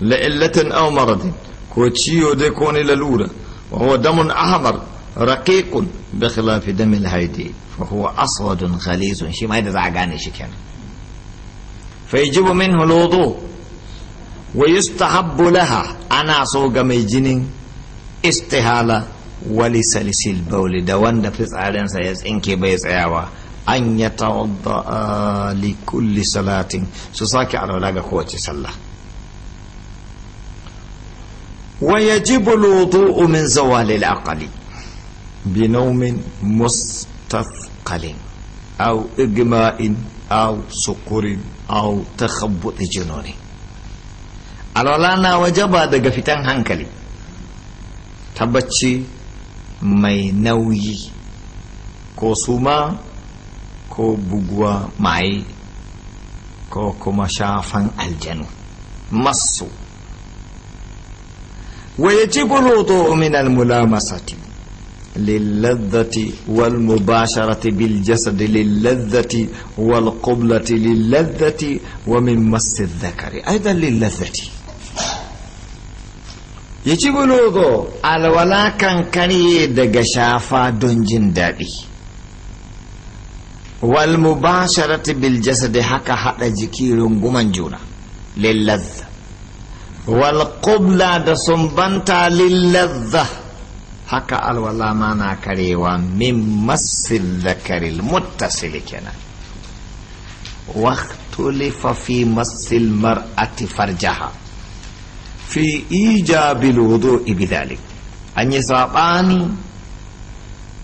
لإلة أو مرض كوتشيو ديكون الأولى وهو دم أحمر رقيق بخلاف دم الهيد فهو أسود غليظ شي ما يدزع عقاني شي كان فيجب منه الوضوء ويستحب لها أنا صوغ ميجنين استهالة ولسلس البول دوان دفز عالين يس إنكي بيس عيوة an ya tawadda li kulli salatin su sake alwala ga kowace sallah wa yajibu alwudu'u min zawali al-aqli bi nawmin mustaqalin aw igma'in aw sukurin aw takhabbut jununi alwala na wajaba daga fitan hankali tabbaci mai nauyi ko suma ko buguwa maye ko kuma shafan aljanu masu waye ci kulutu minal mulamasati lilladhati wal mubasharati bil jasadi lilladhati wal qublati lilladhati wa min massi dhakari aidan lilladhati yaci bulugo alwala kan kariye daga shafa don jin daɗi والمباشرة بالجسد حكا حتى جكير قمان جونا للذة والقبلة دسنبنتا للذة حكا الولا ما كريوا من مس الذكر المتصل كنا واختلف في مس المرأة فرجها في إيجاب الوضوء بذلك أن يصابان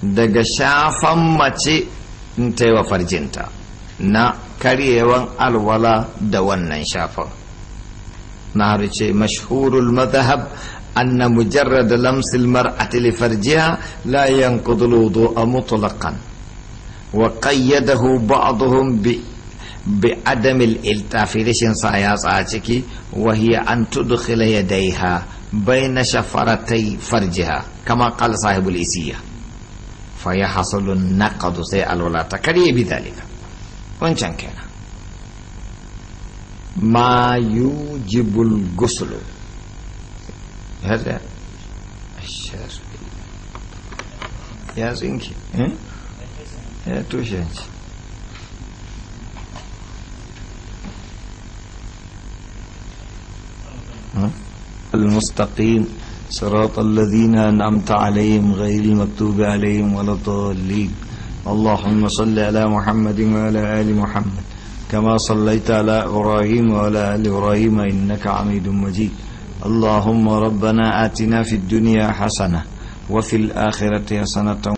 دقشافا ماتي in ta yi wa farjinta na karyewan alwala da wannan shafar na harce mashhurul madhab أن مجرد لمس المرأة لفرجها لا ينقض الوضوء مطلقا وقيده بعضهم ب بعدم الالتاف لشن صايا صاحبك وهي أن تدخل يديها بين شفرتي فرجها كما قال صاحب الإسيه فيحصل النقد سي الولاة تكريه بذلك وإن كان كان ما يوجب الغسل هذا الشر يا زينكي إيه؟ يا توشنش المستقيم صراط الذين أنعمت عليهم غير المكتوب عليهم ولا الضالين اللهم صل على محمد وعلى آل محمد كما صليت على إبراهيم وعلى آل إبراهيم إنك عميد مجيد اللهم ربنا آتنا في الدنيا حسنة وفي الآخرة حسنة